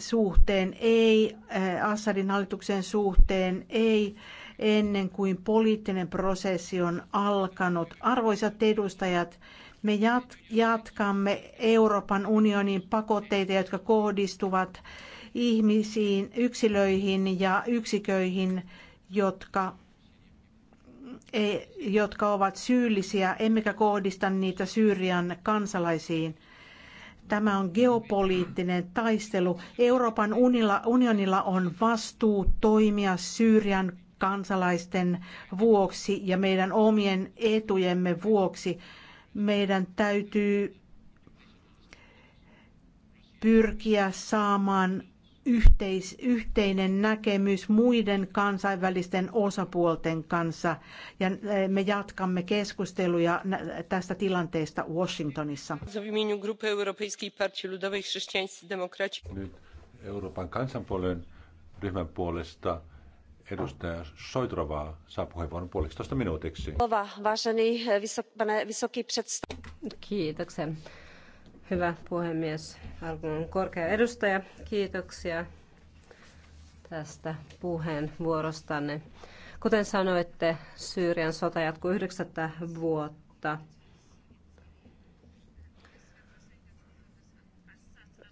suhteen, ei äh, Assadin hallituksen suhteen, ei ennen kuin poliittinen prosessi on alkanut. Arvoisat edustajat, me jatkamme Euroopan unionin pakotteita, jotka kohdistuvat ihmisiin, yksilöihin ja yksiköihin, jotka, e, jotka ovat syyllisiä, emmekä kohdista niitä Syyrian kansalaisiin. Tämä on geopoliittinen taistelu. Euroopan unionilla on vastuu toimia Syyrian kansalaisten vuoksi ja meidän omien etujemme vuoksi. Meidän täytyy pyrkiä saamaan yhteis, yhteinen näkemys muiden kansainvälisten osapuolten kanssa ja eh, me jatkamme keskusteluja tästä tilanteesta Washingtonissa. Nyt Euroopan kansanpuolen ryhmän puolesta edustaja saa puheenvuoron puolitoista minuutiksi. Eh, Hyvä puhemies, alkuun korkea edustaja, kiitoksia tästä puheenvuorostanne. Kuten sanoitte, Syyrian sota jatkuu yhdeksättä vuotta.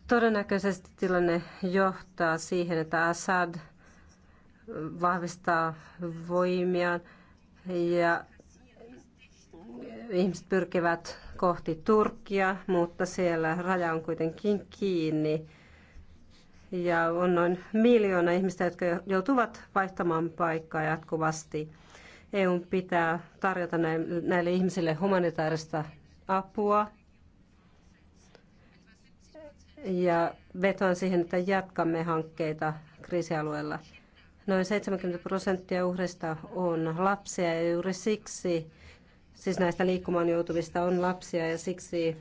Todennäköisesti tilanne johtaa siihen, että Assad vahvistaa voimiaan ja ihmiset pyrkivät kohti Turkkia, mutta siellä raja on kuitenkin kiinni. Ja on noin miljoona ihmistä, jotka joutuvat vaihtamaan paikkaa jatkuvasti. EU pitää tarjota näille ihmisille humanitaarista apua. Ja vetoan siihen, että jatkamme hankkeita kriisialueella. Noin 70 prosenttia uhreista on lapsia ja juuri siksi siis näistä liikkumaan joutuvista on lapsia ja siksi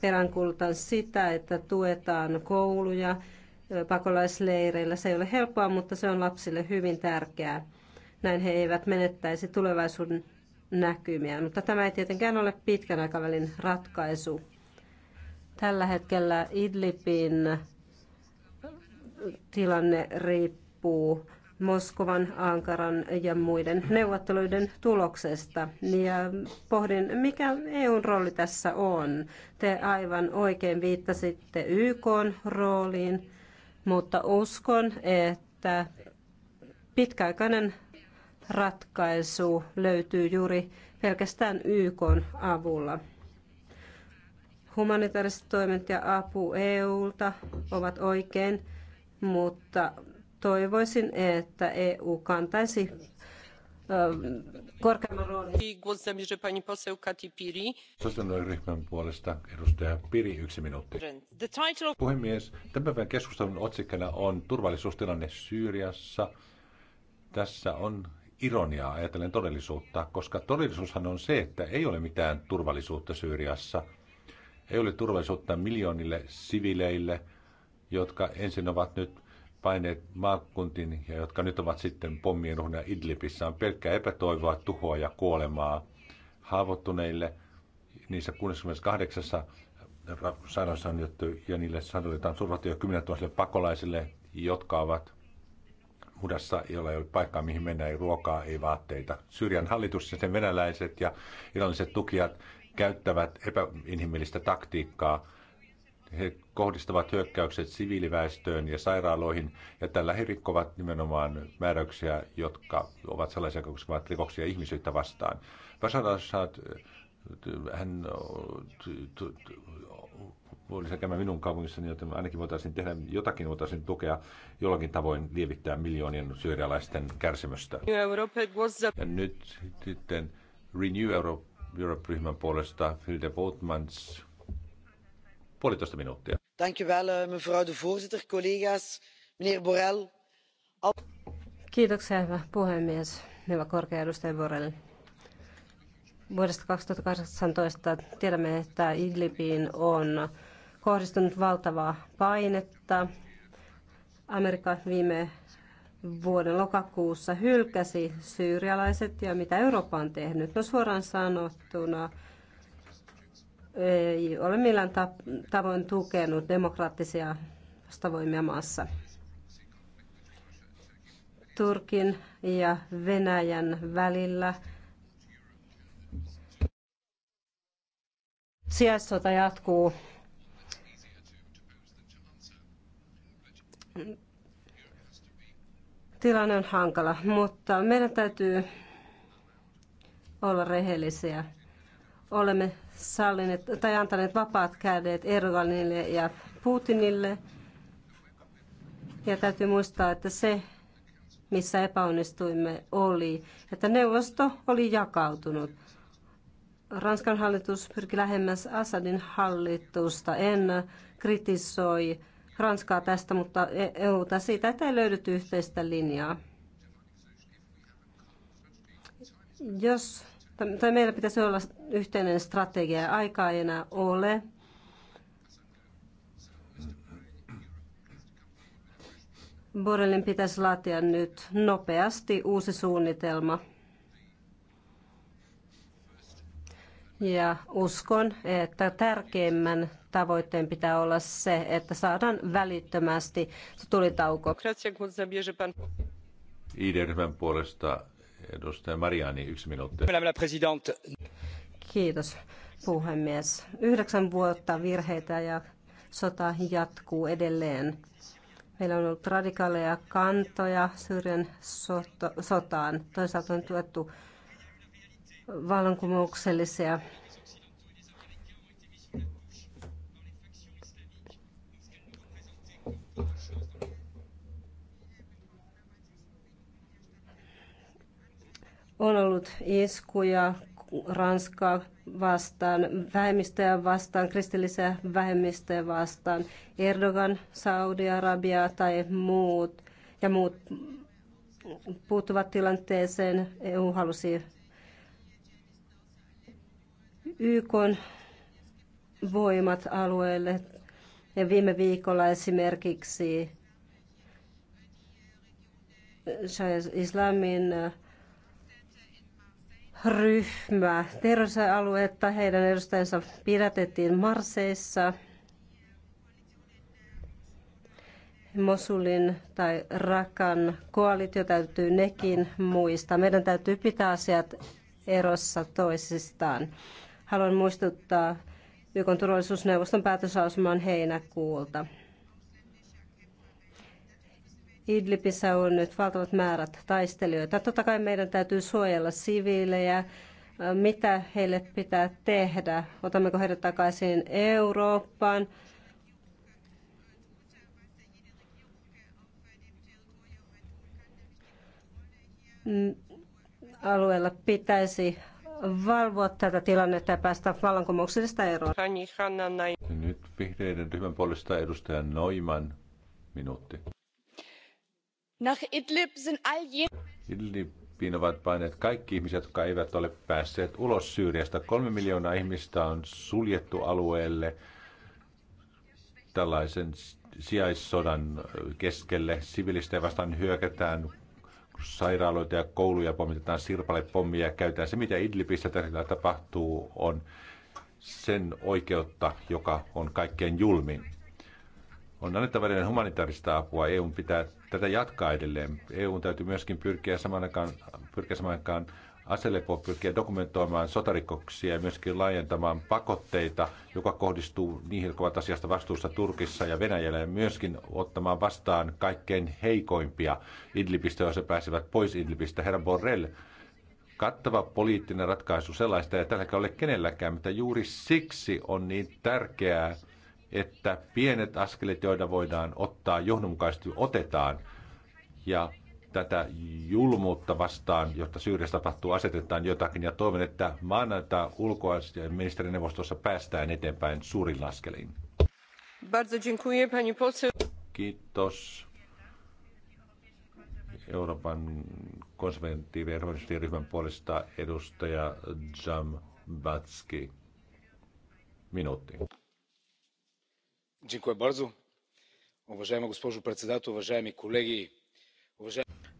peräänkuulutan sitä, että tuetaan kouluja pakolaisleireillä. Se ei ole helppoa, mutta se on lapsille hyvin tärkeää. Näin he eivät menettäisi tulevaisuuden näkymiä, mutta tämä ei tietenkään ole pitkän aikavälin ratkaisu. Tällä hetkellä Idlibin tilanne riippuu Moskovan, Ankaran ja muiden neuvotteluiden tuloksesta. Ja pohdin, mikä EUn rooli tässä on. Te aivan oikein viittasitte YKn rooliin, mutta uskon, että pitkäaikainen ratkaisu löytyy juuri pelkästään YKn avulla. Humanitaariset toimet ja apu EUlta ovat oikein, mutta toivoisin, että EU kantaisi korkeamman roolin. ryhmän puolesta edustaja Piri, yksi minuutti. Puhemies, tämän päivän keskustelun otsikkona on turvallisuustilanne Syyriassa. Tässä on ironiaa ajatellen todellisuutta, koska todellisuushan on se, että ei ole mitään turvallisuutta Syyriassa. Ei ole turvallisuutta miljoonille sivileille, jotka ensin ovat nyt paineet maakuntiin, ja jotka nyt ovat sitten pommien uhna Idlibissä, on pelkkää epätoivoa, tuhoa ja kuolemaa haavoittuneille. Niissä 68 sairaalassa on jätty, ja niille sanotaan sanotetaan jo 10 000 pakolaisille, jotka ovat mudassa, jolla ei ole paikkaa, mihin mennä, ei ruokaa, ei vaatteita. Syyrian hallitus ja sen venäläiset ja iralliset tukijat käyttävät epäinhimillistä taktiikkaa he kohdistavat hyökkäykset siviiliväestöön ja sairaaloihin, ja tällä he rikkovat nimenomaan määräyksiä, jotka ovat sellaisia, jotka koskevat rikoksia ihmisyyttä vastaan. Bashar al-Assad, hän voisi käymään minun kaupungissani, joten ainakin voitaisiin tehdä jotakin, voitaisiin tukea jollakin tavoin lievittää miljoonien syyrialaisten kärsimystä. Ja nyt sitten Renew Europe Europe-ryhmän puolesta Hilde Voutmans puolitoista minuuttia. Eh, Kiitoksia, hyvä puhemies, hyvä korkea edustaja Borrell. Vuodesta 2018 tiedämme, että Idlibiin on kohdistunut valtavaa painetta. Amerikka viime vuoden lokakuussa hylkäsi syyrialaiset ja mitä Eurooppa on tehnyt. No suoraan sanottuna ei ole millään tavoin tukenut demokraattisia vastavoimia maassa. Turkin ja Venäjän välillä sijaissota jatkuu. Tilanne on hankala, mutta meidän täytyy olla rehellisiä olemme sallineet tai antaneet vapaat kädet Erdoganille ja Putinille. Ja täytyy muistaa, että se, missä epäonnistuimme, oli, että neuvosto oli jakautunut. Ranskan hallitus pyrki lähemmäs Assadin hallitusta. En kritisoi Ranskaa tästä, mutta e- EUta siitä, että ei löydetty yhteistä linjaa. Jos tai meillä pitäisi olla yhteinen strategia. Aikaa ei enää ole. Borelin pitäisi laatia nyt nopeasti uusi suunnitelma. Ja uskon, että tärkeimmän tavoitteen pitää olla se, että saadaan välittömästi tulitauko. Idervän puolesta Edustaja Mariani, yksi minuutti. Kiitos puhemies. Yhdeksän vuotta virheitä ja sota jatkuu edelleen. Meillä on ollut radikaaleja kantoja Syyrian sotaan. Toisaalta on tuettu vallankumouksellisia On ollut iskuja Ranskaa vastaan, vähemmistöjä vastaan, kristillisiä vähemmistöjä vastaan, Erdogan, Saudi-Arabia tai muut ja muut puuttuvat tilanteeseen. EU halusi YK voimat alueelle ja viime viikolla esimerkiksi Islamin ryhmä terrorisaluetta. Heidän edustajansa pidätettiin Marseissa, Mosulin tai Rakan koalitio täytyy nekin muistaa. Meidän täytyy pitää asiat erossa toisistaan. Haluan muistuttaa YK turvallisuusneuvoston päätöslausuman heinäkuulta. Idlibissä on nyt valtavat määrät taistelijoita. Totta kai meidän täytyy suojella siviilejä. Mitä heille pitää tehdä? Otammeko heidät takaisin Eurooppaan? Mm, alueella pitäisi valvoa tätä tilannetta ja päästä vallankumouksellisesta eroon. Nyt vihreiden ryhmän puolesta edustaja Noiman minuutti. Idlibiin ovat paineet kaikki ihmiset, jotka eivät ole päässeet ulos Syyriasta. Kolme miljoonaa ihmistä on suljettu alueelle tällaisen sijaissodan keskelle. Sivilistä vastaan hyökätään sairaaloita ja kouluja pommitetaan, sirpalepommia käytetään. Se, mitä Idlibissä tällä tapahtuu, on sen oikeutta, joka on kaikkein julmin. On annettava edelleen humanitaarista apua. EU pitää tätä jatkaa edelleen. EUn täytyy myöskin pyrkiä saman aikaan, pyrkiä saman aikaan aselepoa pyrkiä dokumentoimaan sotarikoksia ja myöskin laajentamaan pakotteita, joka kohdistuu niihin, jotka ovat asiasta vastuussa Turkissa ja Venäjällä, ja myöskin ottamaan vastaan kaikkein heikoimpia Idlibistä, joissa pääsevät pois Idlibistä. Herra Borrell, kattava poliittinen ratkaisu sellaista ei tälläkään ole kenelläkään, mutta juuri siksi on niin tärkeää, että pienet askelet, joita voidaan ottaa, johdonmukaisesti otetaan. Ja tätä julmuutta vastaan, jotta Syyriassa tapahtuu, asetetaan jotakin. Ja toivon, että maanantai ulkoasiainministerineuvostossa päästään eteenpäin suurin askelin. Kiitos. Euroopan konservatiivien ryhmän puolesta edustaja Jam Batski. Minuutti.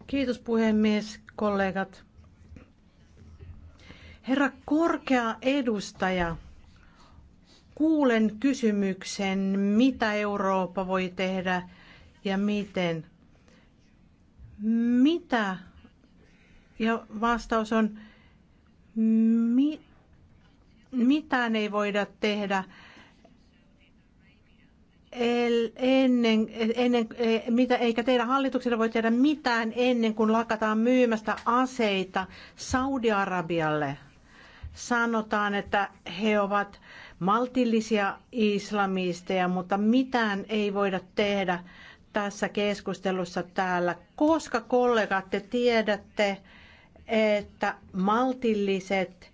Kiitos puhemies, kollegat. Herra korkea edustaja, kuulen kysymyksen, mitä Eurooppa voi tehdä ja miten. Mitä? Ja vastaus on, mi, mitään ei voida tehdä ennen, ennen, e, mitä, eikä teidän hallituksella voi tehdä mitään ennen kuin lakataan myymästä aseita Saudi-Arabialle. Sanotaan, että he ovat maltillisia islamisteja, mutta mitään ei voida tehdä tässä keskustelussa täällä, koska kollegat te tiedätte, että maltilliset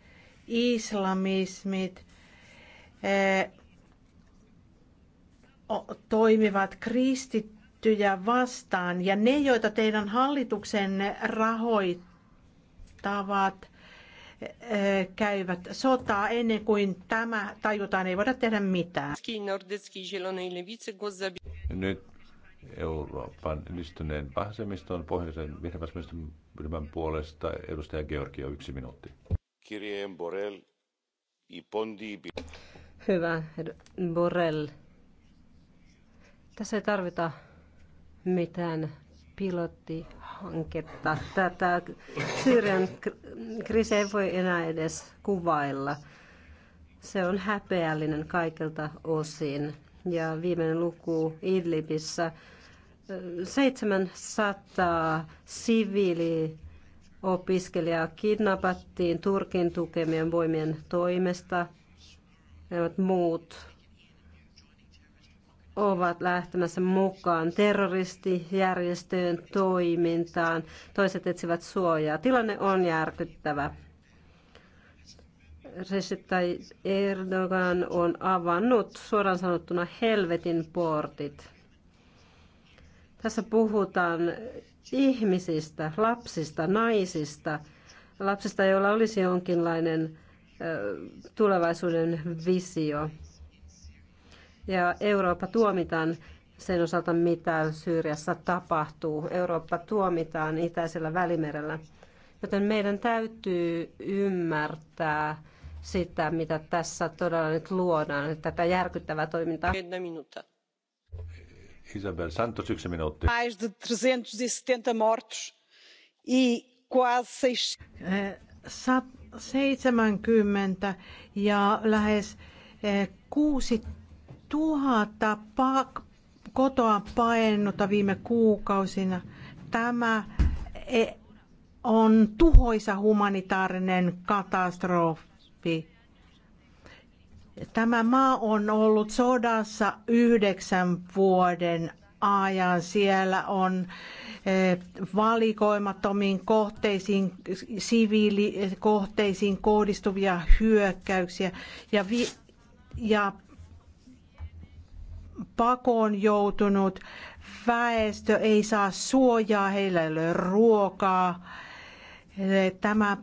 islamismit e, toimivat kristittyjä vastaan ja ne, joita teidän hallituksenne rahoittavat, e, käyvät sotaa ennen kuin tämä tajutaan, ei voida tehdä mitään. Nyt Euroopan ylistyneen vasemmiston pohjoisen vihreän ryhmän puolesta edustaja Georgio yksi minuutti. Hyvä, Borrell. Tässä ei tarvita mitään pilottihanketta. Tätä Syyrian kriisiä ei voi enää edes kuvailla. Se on häpeällinen kaikilta osin. Ja viimeinen luku Idlibissä 700 siviiliopiskelijaa opiskelijaa kidnappattiin Turkin tukemien voimien toimesta. ovat muut ovat lähtemässä mukaan terroristijärjestöjen toimintaan. Toiset etsivät suojaa. Tilanne on järkyttävä. Recep Tayyip Erdogan on avannut suoraan sanottuna helvetin portit. Tässä puhutaan ihmisistä, lapsista, naisista, lapsista, joilla olisi jonkinlainen tulevaisuuden visio ja Eurooppa tuomitaan sen osalta, mitä Syyriassa tapahtuu. Eurooppa tuomitaan itäisellä välimerellä. Joten meidän täytyy ymmärtää sitä, mitä tässä todella nyt luodaan, tätä järkyttävää toimintaa. Isabel Santos, yksi minuutti. Mais de 370 e mortos y e quase 70 eh, ja lähes 6 eh, tuhatta pa- kotoa paennuta viime kuukausina. Tämä e, on tuhoisa humanitaarinen katastrofi. Tämä maa on ollut sodassa yhdeksän vuoden ajan. Siellä on e, valikoimattomiin kohteisiin, siviilikohteisiin kohdistuvia hyökkäyksiä ja, vi- ja pakoon joutunut väestö ei saa suojaa, heillä ei ole ruokaa. Tämä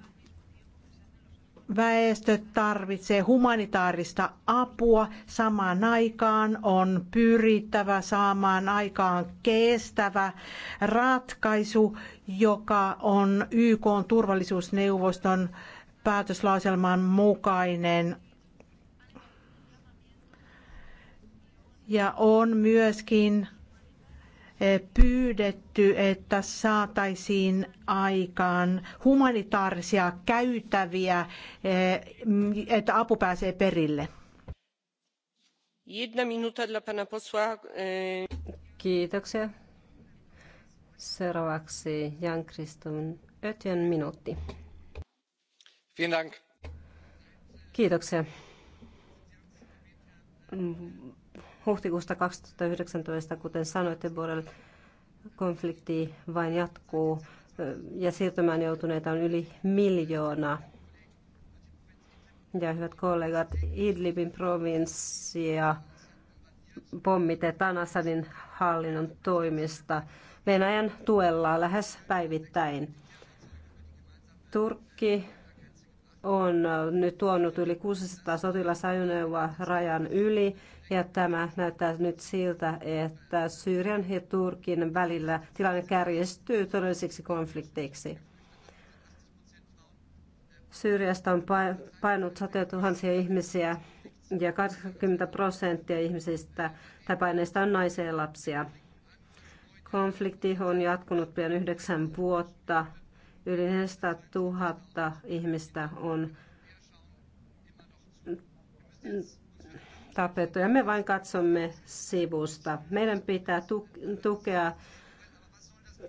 väestö tarvitsee humanitaarista apua. Samaan aikaan on pyrittävä saamaan aikaan kestävä ratkaisu, joka on YK turvallisuusneuvoston päätöslauselman mukainen Ja on myöskin eh, pyydetty, että saataisiin aikaan humanitaarisia käytäviä, eh, että apu pääsee perille. Jedna minuta dla pana posła. Eh. Kiitoksia. Seuraavaksi Jan Kriston Ötjön minuutti. Vielen Kiitoksia huhtikuusta 2019, kuten sanoitte, Borrell, konflikti vain jatkuu ja siirtymään joutuneita on yli miljoona. Ja hyvät kollegat, Idlibin provinssia pommitetaan Assadin hallinnon toimista Venäjän tuella lähes päivittäin. Turkki on nyt tuonut yli 600 sotilasajoneuvoa rajan yli ja tämä näyttää nyt siltä, että Syyrian ja Turkin välillä tilanne kärjistyy todellisiksi konflikteiksi. Syyriasta on painut satoja tuhansia ihmisiä ja 20 prosenttia ihmisistä tai paineista on naisia ja lapsia. Konflikti on jatkunut pian yhdeksän vuotta. Yli 400 000 ihmistä on tapettu ja me vain katsomme sivusta. Meidän pitää tukea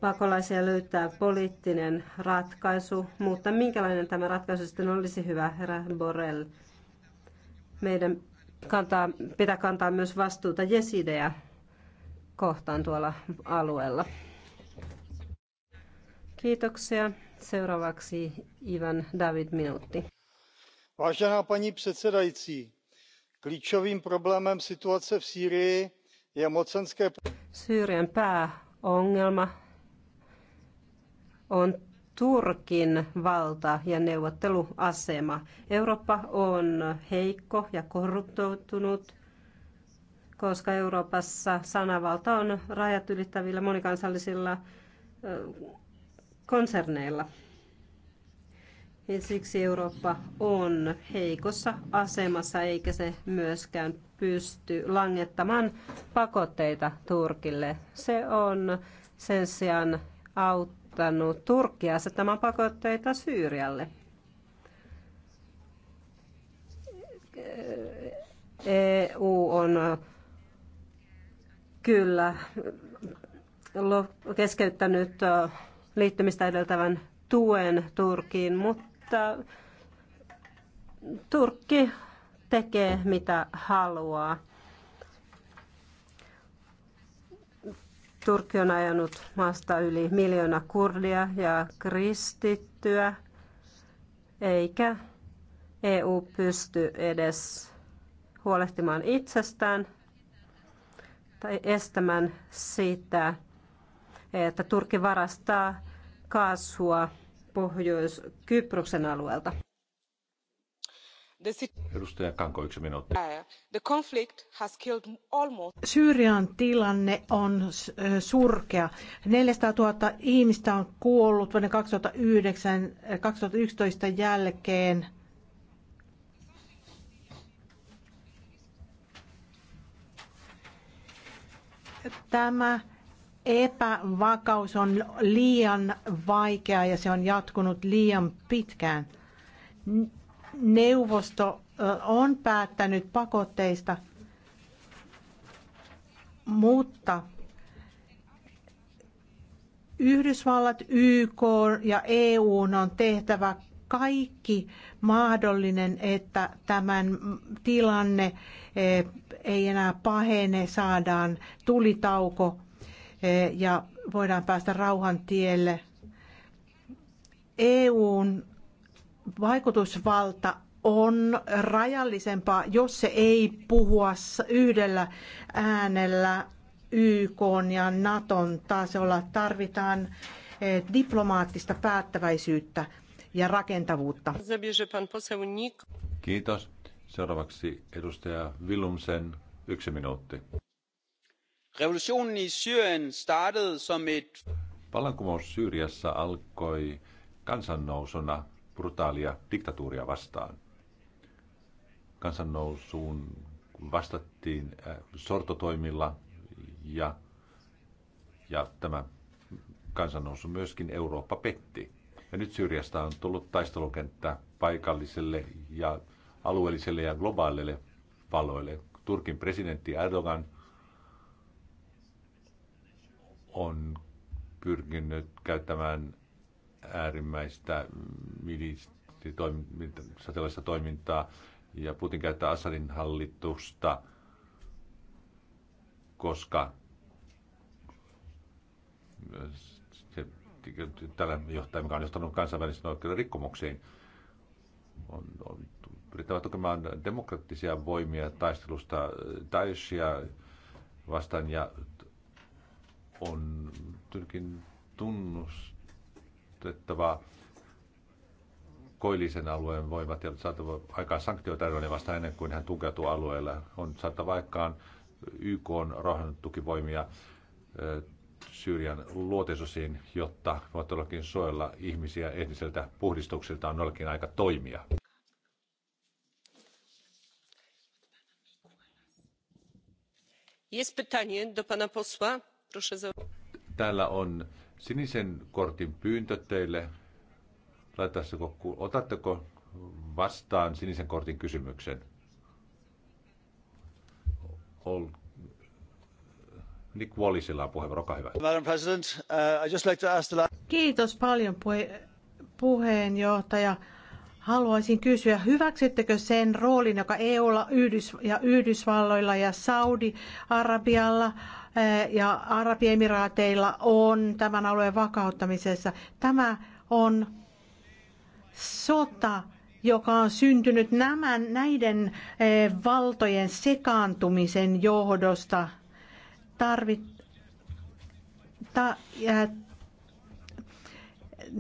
pakolaisia löytää poliittinen ratkaisu, mutta minkälainen tämä ratkaisu sitten olisi hyvä, herra Borrell? Meidän kantaa, pitää kantaa myös vastuuta jesidejä kohtaan tuolla alueella. Kiitoksia. Seuraavaksi Ivan David minuutti. Vážená paní klíčovým problémem situace v Sýrii je mocenské... Syyrian pääongelma on Turkin valta ja neuvotteluasema. Eurooppa on heikko ja korruptoitunut, koska Euroopassa sanavalta on rajat ylittävillä monikansallisilla konserneilla. Ja siksi Eurooppa on heikossa asemassa, eikä se myöskään pysty langettamaan pakotteita Turkille. Se on sen sijaan auttanut Turkkia asettamaan pakotteita Syyrialle. EU e on kyllä keskeyttänyt liittymistä edeltävän tuen Turkiin, mutta että Turkki tekee mitä haluaa. Turkki on ajanut maasta yli miljoona kurdia ja kristittyä, eikä EU pysty edes huolehtimaan itsestään tai estämään sitä, että Turkki varastaa kaasua Pohjois-Kyproksen alueelta. Edustaja Kanko, yksi minuutti. Syyrian tilanne on surkea. 400 000 ihmistä on kuollut vuoden 2009, 2011 jälkeen. Tämä epävakaus on liian vaikea ja se on jatkunut liian pitkään. Neuvosto on päättänyt pakotteista, mutta Yhdysvallat, YK ja EU on tehtävä kaikki mahdollinen, että tämän tilanne ei enää pahene, saadaan tulitauko Eh, ja voidaan päästä rauhan tielle. EUn vaikutusvalta on rajallisempaa, jos se ei puhua yhdellä äänellä YK ja Naton tasolla. Tarvitaan eh, diplomaattista päättäväisyyttä ja rakentavuutta. Kiitos. Seuraavaksi edustaja Vilumsen yksi minuutti. Revolutionen i Syrien startede som et... Vallankumous Syyriassa alkoi kansannousuna brutaalia diktatuuria vastaan. Kansannousuun vastattiin äh, sortotoimilla ja, ja tämä kansannousu myöskin Eurooppa petti. Ja nyt Syyriasta on tullut taistelukenttä paikalliselle ja alueelliselle ja globaalille valoille. Turkin presidentti Erdogan – on pyrkinyt käyttämään äärimmäistä sotilaista toimintaa ja Putin käyttää Assadin hallitusta, koska se, tällä johtaja, mikä on johtanut kansainvälisen oikeuden rikkomuksiin, on, on pyrittävä tukemaan demokraattisia voimia taistelusta Daeshia vastaan ja on Tyrkin tunnustettava koillisen alueen voimat ja saatava aikaan sanktioita Erdoganin vasta ennen kuin hän tukeutuu alueella. On saatava aikaan YK on rauhantukivoimia Syyrian luoteisosiin, jotta voit todellakin suojella ihmisiä etniseltä puhdistuksilta on todellakin aika toimia. Jest pytanie do pana posła. Täällä on sinisen kortin pyyntö teille. Laitatteko, otatteko vastaan sinisen kortin kysymyksen? Ol, Nick Wallisilla on puheenvuoro, olkaa hyvä. Madam President, uh, I just like to ask the Kiitos paljon puhe- puheenjohtaja. Haluaisin kysyä, hyväksyttekö sen roolin, joka EUlla Yhdys- ja Yhdysvalloilla ja Saudi-Arabialla Eh, ja Arabiemiraateilla on tämän alueen vakauttamisessa. Tämä on sota, joka on syntynyt nämä, näiden eh, valtojen sekaantumisen johdosta. Tarvit, ta, ja,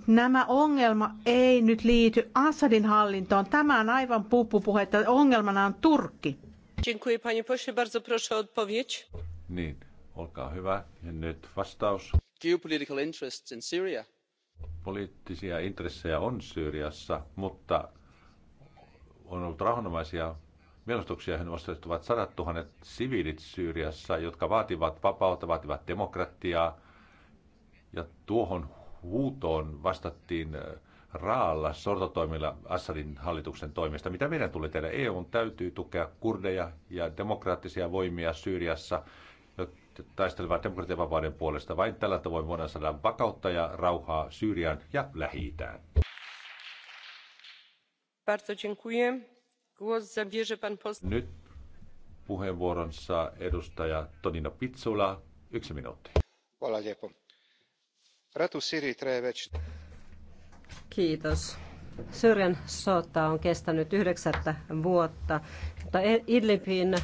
nämä ongelma ei nyt liity Assadin hallintoon. Tämä on aivan puppupuhetta. Ongelmana on Turkki. Dziękuję panie pośle, bardzo proszę o odpowiedź. Niin. Olkaa hyvä. Ja nyt vastaus. Geopolitical interests in Syria. Poliittisia intressejä on Syyriassa, mutta on ollut rauhanomaisia mielostuksia, joihin osallistuvat sadat tuhannet siviilit Syyriassa, jotka vaativat vapautta, vaativat demokratiaa. Ja tuohon huutoon vastattiin äh, raalla sortotoimilla Assadin hallituksen toimesta. Mitä meidän tulee tehdä? EUn täytyy tukea kurdeja ja demokraattisia voimia Syyriassa – taistelevat demokratiavapauden puolesta. Vain tällä tavoin voidaan saada vakautta ja rauhaa Syyrian ja Lähi-Itään. Nyt puheenvuoronsa edustaja Tonino Pitsula. Yksi minuutti. Kiitos. Syyrian sota on kestänyt yhdeksättä vuotta, mutta e- Idlibin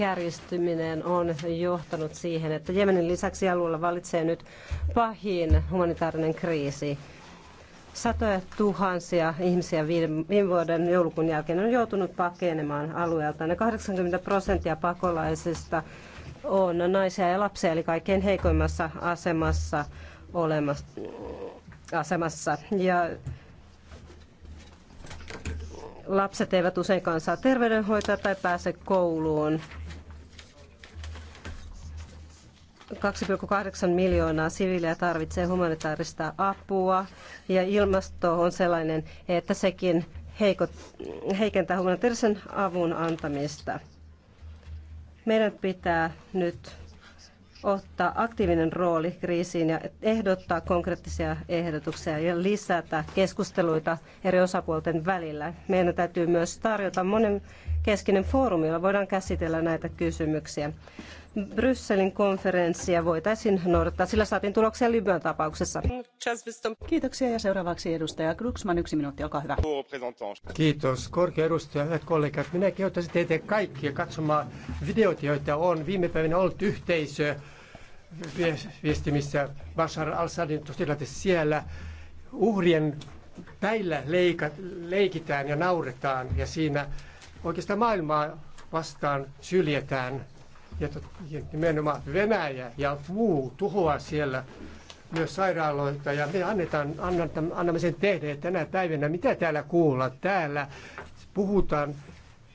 kärjistyminen on johtanut siihen, että Jemenin lisäksi alueella valitsee nyt pahin humanitaarinen kriisi. Satoja tuhansia ihmisiä viime vuoden joulukuun jälkeen on joutunut pakenemaan alueelta. Ne 80 prosenttia pakolaisista on naisia ja lapsia, eli kaikkein heikoimmassa asemassa olemassa, asemassa. Ja lapset eivät useinkaan saa terveydenhoitoa tai pääse kouluun. 2,8 miljoonaa siviiliä tarvitsee humanitaarista apua ja ilmasto on sellainen, että sekin heikot, heikentää humanitaarisen avun antamista. Meidän pitää nyt ottaa aktiivinen rooli kriisiin ja ehdottaa konkreettisia ehdotuksia ja lisätä keskusteluita eri osapuolten välillä. Meidän täytyy myös tarjota monen keskinen foorumi, jolla voidaan käsitellä näitä kysymyksiä. Brysselin konferenssia voitaisiin noudattaa. Sillä saatiin tuloksia Libyan tapauksessa. Kiitoksia ja seuraavaksi edustaja Kruksman. yksi minuutti, olkaa hyvä. Kiitos. Korkea edustaja, hyvät kollegat. Minä kehottaisin teitä kaikkia katsomaan videoita, joita on viime päivinä ollut yhteisö viestimissä Bashar al-Sadin tilanteessa siellä. Uhrien päillä leika, leikitään ja nauretaan ja siinä oikeastaan maailmaa vastaan syljetään ja, ja nimenomaan Venäjä ja muu tuhoaa siellä myös sairaaloita ja me annetaan, annamme, annamme sen tehdä tänä päivänä. Mitä täällä kuulla? Täällä puhutaan,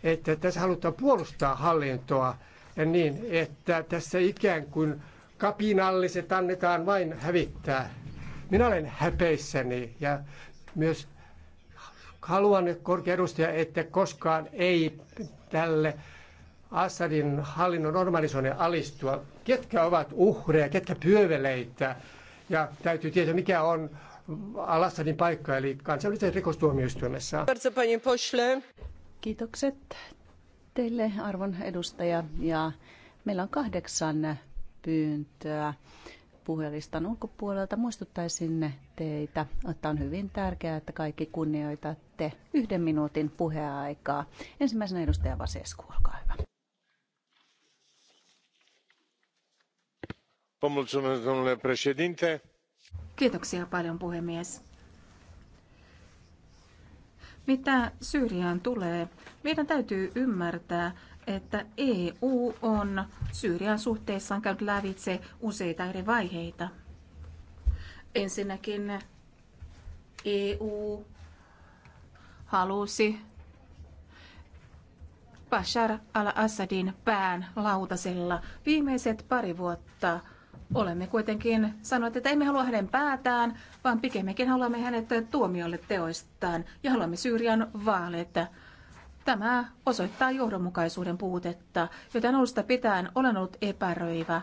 että tässä halutaan puolustaa hallintoa ja niin, että tässä ikään kuin kapinalliset annetaan vain hävittää. Minä olen häpeissäni ja myös haluan korkea edustaja, että koskaan ei tälle Assadin hallinnon normalisoinnin alistua. Ketkä ovat uhreja, ketkä pyöveleitä? Ja täytyy tietää, mikä on Al-Assadin paikka, eli kansainvälisen rikostuomioistuimessa. Kiitokset teille, arvon edustaja. Ja meillä on kahdeksan pyyntöä puhelistan ulkopuolelta. Muistuttaisin teitä, että on hyvin tärkeää, että kaikki kunnioitatte yhden minuutin puheaikaa. Ensimmäisenä edustaja Vasesku, olkaa hyvä. Kiitoksia paljon puhemies. Mitä Syyriaan tulee, meidän täytyy ymmärtää, että EU on Syyrian suhteessa käynyt lävitse useita eri vaiheita. Ensinnäkin EU halusi Bashar al-Assadin pään lautasella viimeiset pari vuotta – Olemme kuitenkin sanoneet, että emme halua hänen päätään, vaan pikemminkin haluamme hänet tuomiolle teoistaan ja haluamme Syyrian vaaleita. Tämä osoittaa johdonmukaisuuden puutetta, joten alusta pitäen olen ollut epäröivä.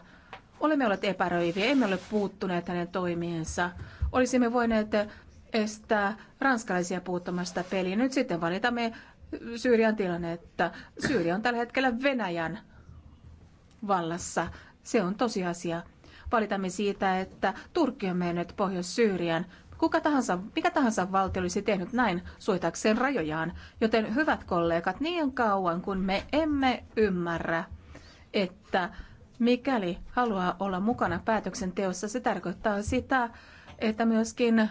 Olemme olleet epäröiviä, emme ole puuttuneet hänen toimiensa. Olisimme voineet estää ranskalaisia puuttumasta peliin. Nyt sitten valitamme Syyrian tilannetta. Syyria on tällä hetkellä Venäjän vallassa. Se on tosiasia valitamme siitä, että Turkki on mennyt Pohjois-Syyrian. Kuka tahansa, mikä tahansa valtio olisi tehnyt näin suojakseen rajojaan. Joten hyvät kollegat, niin kauan kun me emme ymmärrä, että mikäli haluaa olla mukana päätöksenteossa, se tarkoittaa sitä, että myöskin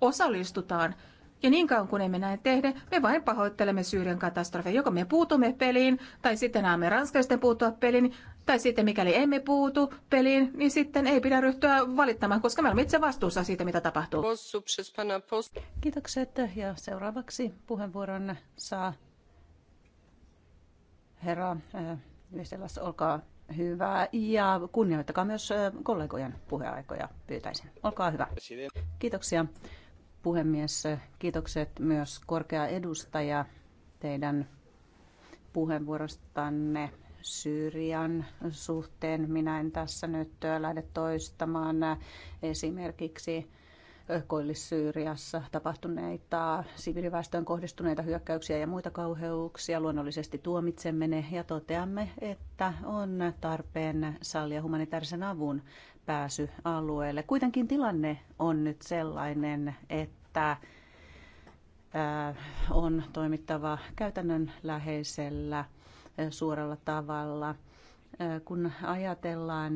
osallistutaan ja niin kauan kun emme näin tehdä, me vain pahoittelemme Syyrian katastrofia. Joko me puutumme peliin, tai sitten näemme ranskalaisten puuttua peliin, tai sitten mikäli emme puutu peliin, niin sitten ei pidä ryhtyä valittamaan, koska me olemme itse vastuussa siitä, mitä tapahtuu. Kiitokset ja seuraavaksi puheenvuoron saa herra eh, Yhdelas, olkaa hyvä ja kunnioittakaa myös eh, kollegojen puheaikoja pyytäisin. Olkaa hyvä. Kiitoksia puhemies. Kiitokset myös korkea edustaja teidän puheenvuorostanne Syyrian suhteen. Minä en tässä nyt lähde toistamaan esimerkiksi Koillis-Syyriassa tapahtuneita siviiliväestöön kohdistuneita hyökkäyksiä ja muita kauheuksia. Luonnollisesti tuomitsemme ne ja toteamme, että on tarpeen sallia humanitaarisen avun pääsy alueelle. Kuitenkin tilanne on nyt sellainen, että on toimittava käytännönläheisellä läheisellä suoralla tavalla. Kun ajatellaan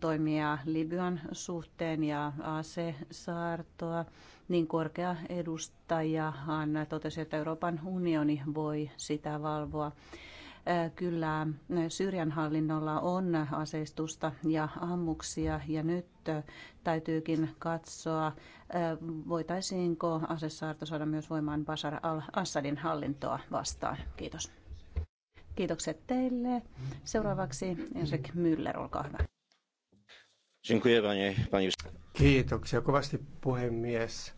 toimia Libyan suhteen ja ase ASE-saartoa, niin korkea edustajahan totesi, että Euroopan unioni voi sitä valvoa kyllä Syyrian hallinnolla on aseistusta ja ammuksia ja nyt täytyykin katsoa, voitaisiinko asesaarto saada myös voimaan Basar al-Assadin hallintoa vastaan. Kiitos. Kiitokset teille. Seuraavaksi Enrik Müller, olkaa hyvä. Kiitoksia kovasti puhemies.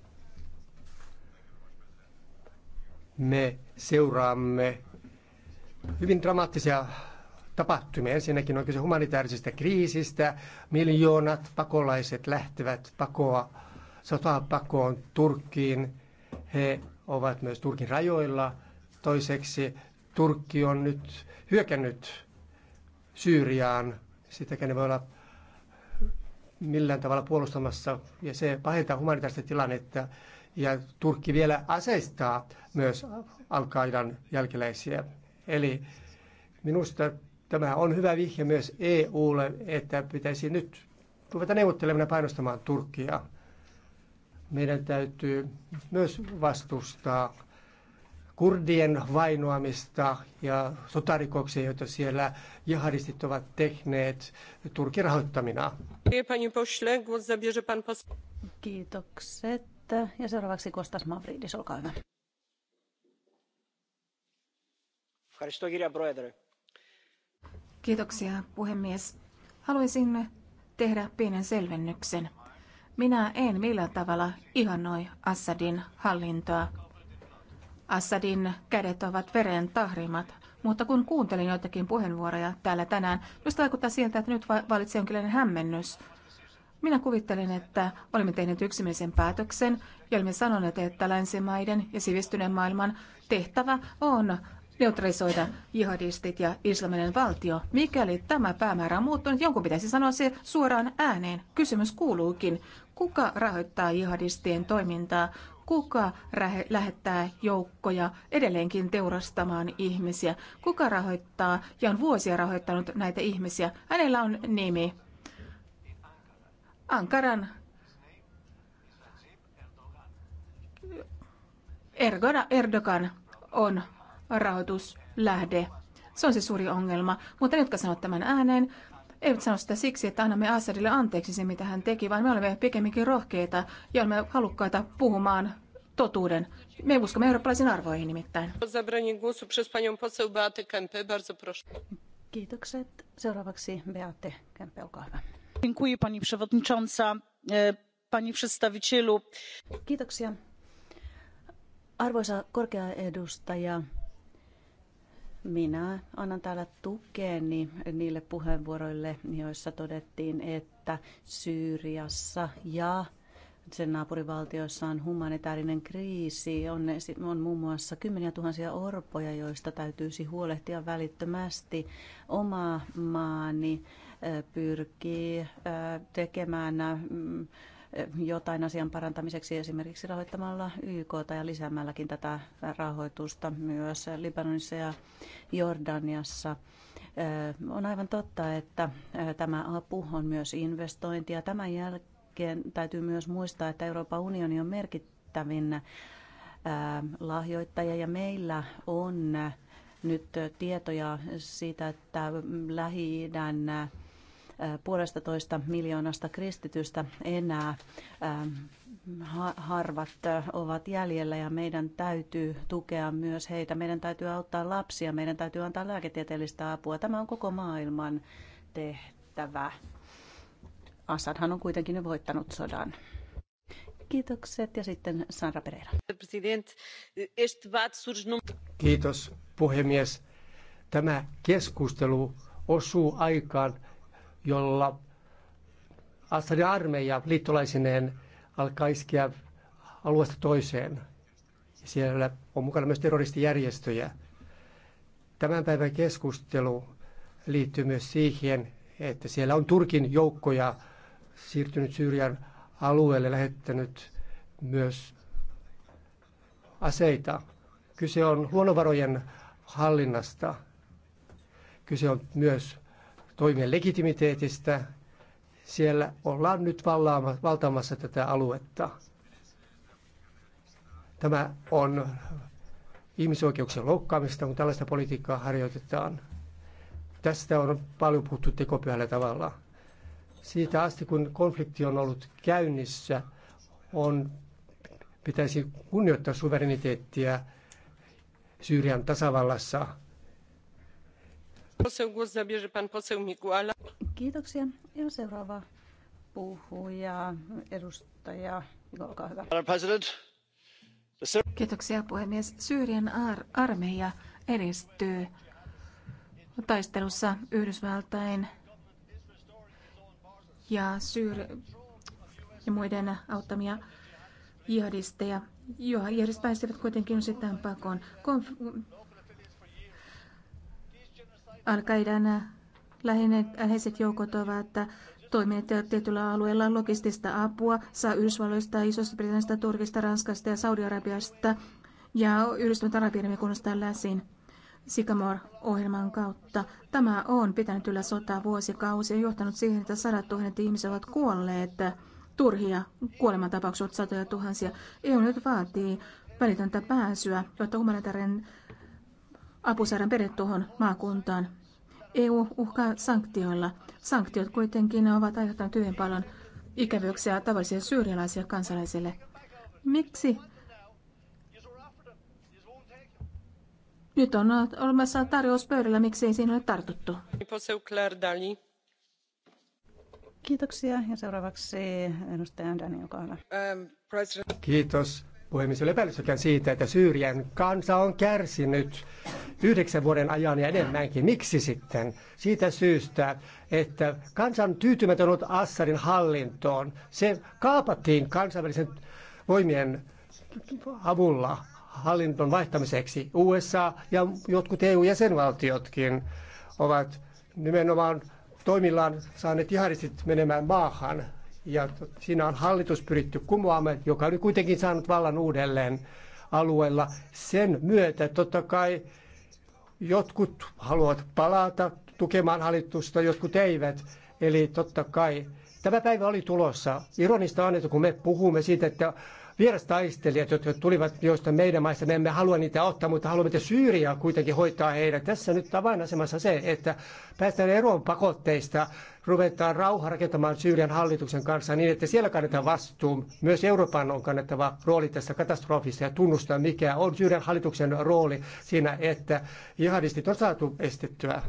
Me seuraamme hyvin dramaattisia tapahtumia. Ensinnäkin on kyse humanitaarisesta kriisistä. Miljoonat pakolaiset lähtevät pakoa, sotaa pakoon Turkkiin. He ovat myös Turkin rajoilla. Toiseksi Turkki on nyt hyökännyt Syyriaan, sitäkään ei voi olla millään tavalla puolustamassa, ja se pahentaa humanitaarista tilannetta. Ja Turkki vielä aseistaa myös al jälkeläisiä. Eli minusta tämä on hyvä vihje myös EUlle, että pitäisi nyt ruveta neuvottelemaan ja painostamaan Turkkia. Meidän täytyy myös vastustaa kurdien vainoamista ja sotarikoksia, joita siellä jihadistit ovat tehneet Turkin rahoittamina. Kiitokset. Ja seuraavaksi Kostas Mavridis, olkaa hyvä. Kiitoksia puhemies. Haluaisin tehdä pienen selvennyksen. Minä en millään tavalla ihannoi Assadin hallintoa Assadin kädet ovat veren tahrimat. Mutta kun kuuntelin joitakin puheenvuoroja täällä tänään, minusta vaikuttaa siltä, että nyt valitsi jonkinlainen hämmennys. Minä kuvittelin, että olimme tehneet yksimielisen päätöksen ja olimme sanoneet, että länsimaiden ja sivistyneen maailman tehtävä on neutralisoida jihadistit ja islaminen valtio. Mikäli tämä päämäärä on muuttunut, jonkun pitäisi sanoa se suoraan ääneen. Kysymys kuuluukin, kuka rahoittaa jihadistien toimintaa? Kuka lähettää joukkoja edelleenkin teurastamaan ihmisiä? Kuka rahoittaa ja on vuosia rahoittanut näitä ihmisiä? Hänellä on nimi. Ankaran Erdogan on rahoituslähde. Se on se suuri ongelma. Mutta ne, jotka sanovat tämän ääneen, ei sano sitä siksi, että annamme Assadille anteeksi se, mitä hän teki, vaan me olemme pikemminkin rohkeita ja olemme halukkaita puhumaan totuuden. Me uskomme eurooppalaisiin arvoihin nimittäin. Kiitokset. Seuraavaksi Beate Kempe, olkaa hyvä. E, Kiitoksia. Arvoisa korkea edustaja, minä annan täällä tukeni niille puheenvuoroille, joissa todettiin, että Syyriassa ja sen naapurivaltioissa on humanitaarinen kriisi. On, on muun muassa kymmeniä tuhansia orpoja, joista täytyisi huolehtia välittömästi. Oma maani pyrkii tekemään mm, jotain asian parantamiseksi esimerkiksi rahoittamalla YK ja lisäämälläkin tätä rahoitusta myös Libanonissa ja Jordaniassa. On aivan totta, että tämä apu on myös investointi ja tämän jälkeen täytyy myös muistaa, että Euroopan unioni on merkittävin lahjoittaja ja meillä on nyt tietoja siitä, että Lähi-idän puolesta toista miljoonasta kristitystä enää harvat ovat jäljellä ja meidän täytyy tukea myös heitä. Meidän täytyy auttaa lapsia, meidän täytyy antaa lääketieteellistä apua. Tämä on koko maailman tehtävä. Assadhan on kuitenkin jo voittanut sodan. Kiitokset ja sitten Sandra Pereira. Kiitos puhemies. Tämä keskustelu osuu aikaan, jolla Assadin armeija liittolaisineen alkaa iskeä alueesta toiseen. Siellä on mukana myös terroristijärjestöjä. Tämän päivän keskustelu liittyy myös siihen, että siellä on Turkin joukkoja siirtynyt Syyrian alueelle, lähettänyt myös aseita. Kyse on luonnonvarojen hallinnasta. Kyse on myös toimien legitimiteetistä. Siellä ollaan nyt valtaamassa tätä aluetta. Tämä on ihmisoikeuksien loukkaamista, kun tällaista politiikkaa harjoitetaan. Tästä on paljon puhuttu tekopyhällä tavalla. Siitä asti, kun konflikti on ollut käynnissä, on, pitäisi kunnioittaa suvereniteettia Syyrian tasavallassa – Kiitoksia. Ja seuraava puhuja, edustaja, olkaa hyvä. Kiitoksia puhemies. Syyrian ar- armeija edistyy taistelussa Yhdysvaltain ja, Syyri- ja muiden auttamia jihadisteja. Joo, järjestäisivät kuitenkin sitten pakoon. Konf- Al-Qaidan läheiset joukot ovat toimineet tietyllä alueella logistista apua, saa Yhdysvalloista, Isosta Britannista, Turkista, Ranskasta ja Saudi-Arabiasta ja Yhdistyneet Arabiemirikunnasta läsin. Sikamor-ohjelman kautta. Tämä on pitänyt yllä sotaa vuosikausia ja johtanut siihen, että sadat tuhannet ihmiset ovat kuolleet turhia kuolemantapauksia, satoja tuhansia. EU nyt vaatii välitöntä pääsyä, jotta humanitaarinen saadaan perille tuohon maakuntaan. EU uhkaa sanktioilla. Sanktiot kuitenkin ovat aiheuttaneet hyvin paljon ikävyyksiä tavallisille syyrialaisille kansalaisille. Miksi nyt on olemassa tarjous pöydällä, miksi ei siinä ole tartuttu? Kiitoksia. Ja seuraavaksi edustaja Dani, joka hyvä. Kiitos. Puhemies ei ole siitä, että Syyrian kansa on kärsinyt yhdeksän vuoden ajan ja enemmänkin. Miksi sitten? Siitä syystä, että kansan tyytymätön ollut Assarin hallintoon, se kaapattiin kansainvälisen voimien avulla hallinton vaihtamiseksi. USA ja jotkut EU-jäsenvaltiotkin ovat nimenomaan toimillaan saaneet jihadistit menemään maahan. Ja siinä on hallitus pyritty kumoamaan, joka oli kuitenkin saanut vallan uudelleen alueella. Sen myötä totta kai Jotkut haluavat palata tukemaan hallitusta, jotkut eivät. Eli totta kai tämä päivä oli tulossa. Ironista on, että kun me puhumme siitä, että vierastaistelijat, jotka tulivat joista meidän maista, me emme halua niitä ottaa, mutta haluamme, että Syyria kuitenkin hoitaa heidät. Tässä nyt avainasemassa se, että päästään eroon pakotteista ruvetaan rauha rakentamaan Syyrian hallituksen kanssa niin, että siellä kannetaan vastuu. Myös Euroopan on kannettava rooli tässä katastrofissa ja tunnustaa, mikä on Syyrian hallituksen rooli siinä, että jihadistit on saatu estettyä.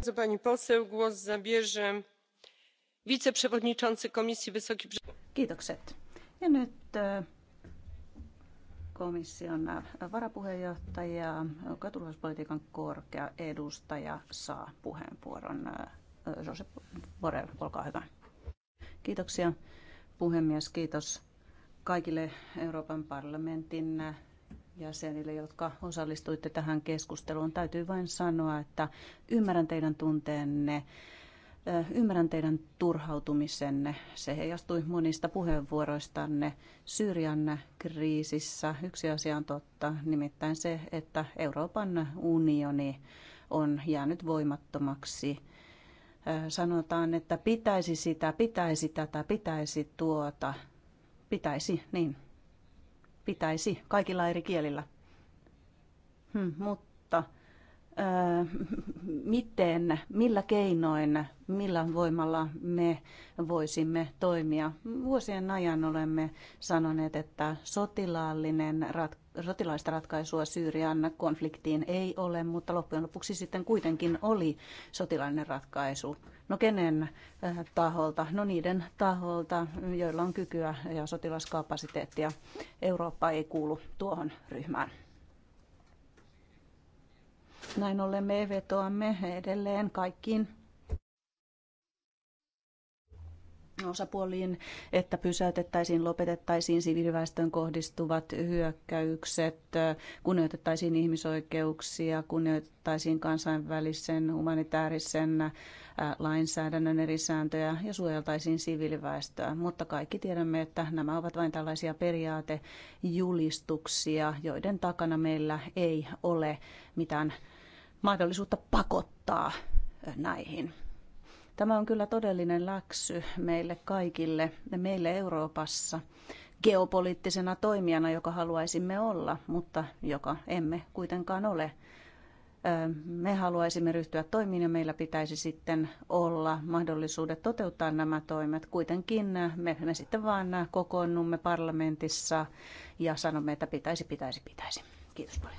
Kiitokset. Ja nyt e, komission varapuheenjohtaja, joka turvallisuuspolitiikan korkea edustaja saa puheenvuoron Josep Borrell, olkaa hyvä. Kiitoksia puhemies, kiitos kaikille Euroopan parlamentin jäsenille, jotka osallistuitte tähän keskusteluun. Täytyy vain sanoa, että ymmärrän teidän tunteenne, ymmärrän teidän turhautumisenne. Se heijastui monista puheenvuoroistanne Syyrian kriisissä. Yksi asia on totta, nimittäin se, että Euroopan unioni on jäänyt voimattomaksi – sanotaan, että pitäisi sitä, pitäisi tätä, pitäisi tuota. Pitäisi, niin. Pitäisi, kaikilla eri kielillä. Hmm, mutta miten, millä keinoin, millä voimalla me voisimme toimia. Vuosien ajan olemme sanoneet, että sotilaallinen rat, sotilaista ratkaisua Syyrian konfliktiin ei ole, mutta loppujen lopuksi sitten kuitenkin oli sotilainen ratkaisu. No kenen taholta? No niiden taholta, joilla on kykyä ja sotilaskapasiteettia. Eurooppa ei kuulu tuohon ryhmään. Näin ollen me vetoamme edelleen kaikkiin osapuoliin, että pysäytettäisiin, lopetettaisiin siviiliväestön kohdistuvat hyökkäykset, kunnioitettaisiin ihmisoikeuksia, kunnioitettaisiin kansainvälisen humanitaarisen äh, lainsäädännön eri sääntöjä ja suojeltaisiin siviiliväestöä. Mutta kaikki tiedämme, että nämä ovat vain tällaisia periaatejulistuksia, joiden takana meillä ei ole mitään mahdollisuutta pakottaa näihin. Tämä on kyllä todellinen läksy meille kaikille, meille Euroopassa, geopoliittisena toimijana, joka haluaisimme olla, mutta joka emme kuitenkaan ole. Me haluaisimme ryhtyä toimiin ja meillä pitäisi sitten olla mahdollisuudet toteuttaa nämä toimet. Kuitenkin me, me sitten vaan kokoonnumme parlamentissa ja sanomme, että pitäisi, pitäisi, pitäisi. Kiitos paljon.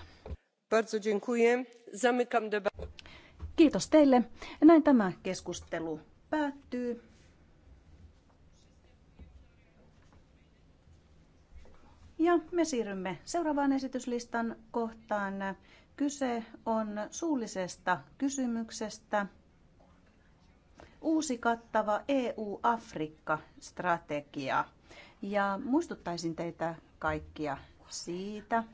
Kiitos teille. Näin tämä keskustelu päättyy. Ja me siirrymme seuraavaan esityslistan kohtaan. Kyse on suullisesta kysymyksestä. Uusi kattava EU-Afrikka-strategia. Ja muistuttaisin teitä kaikkia siitä,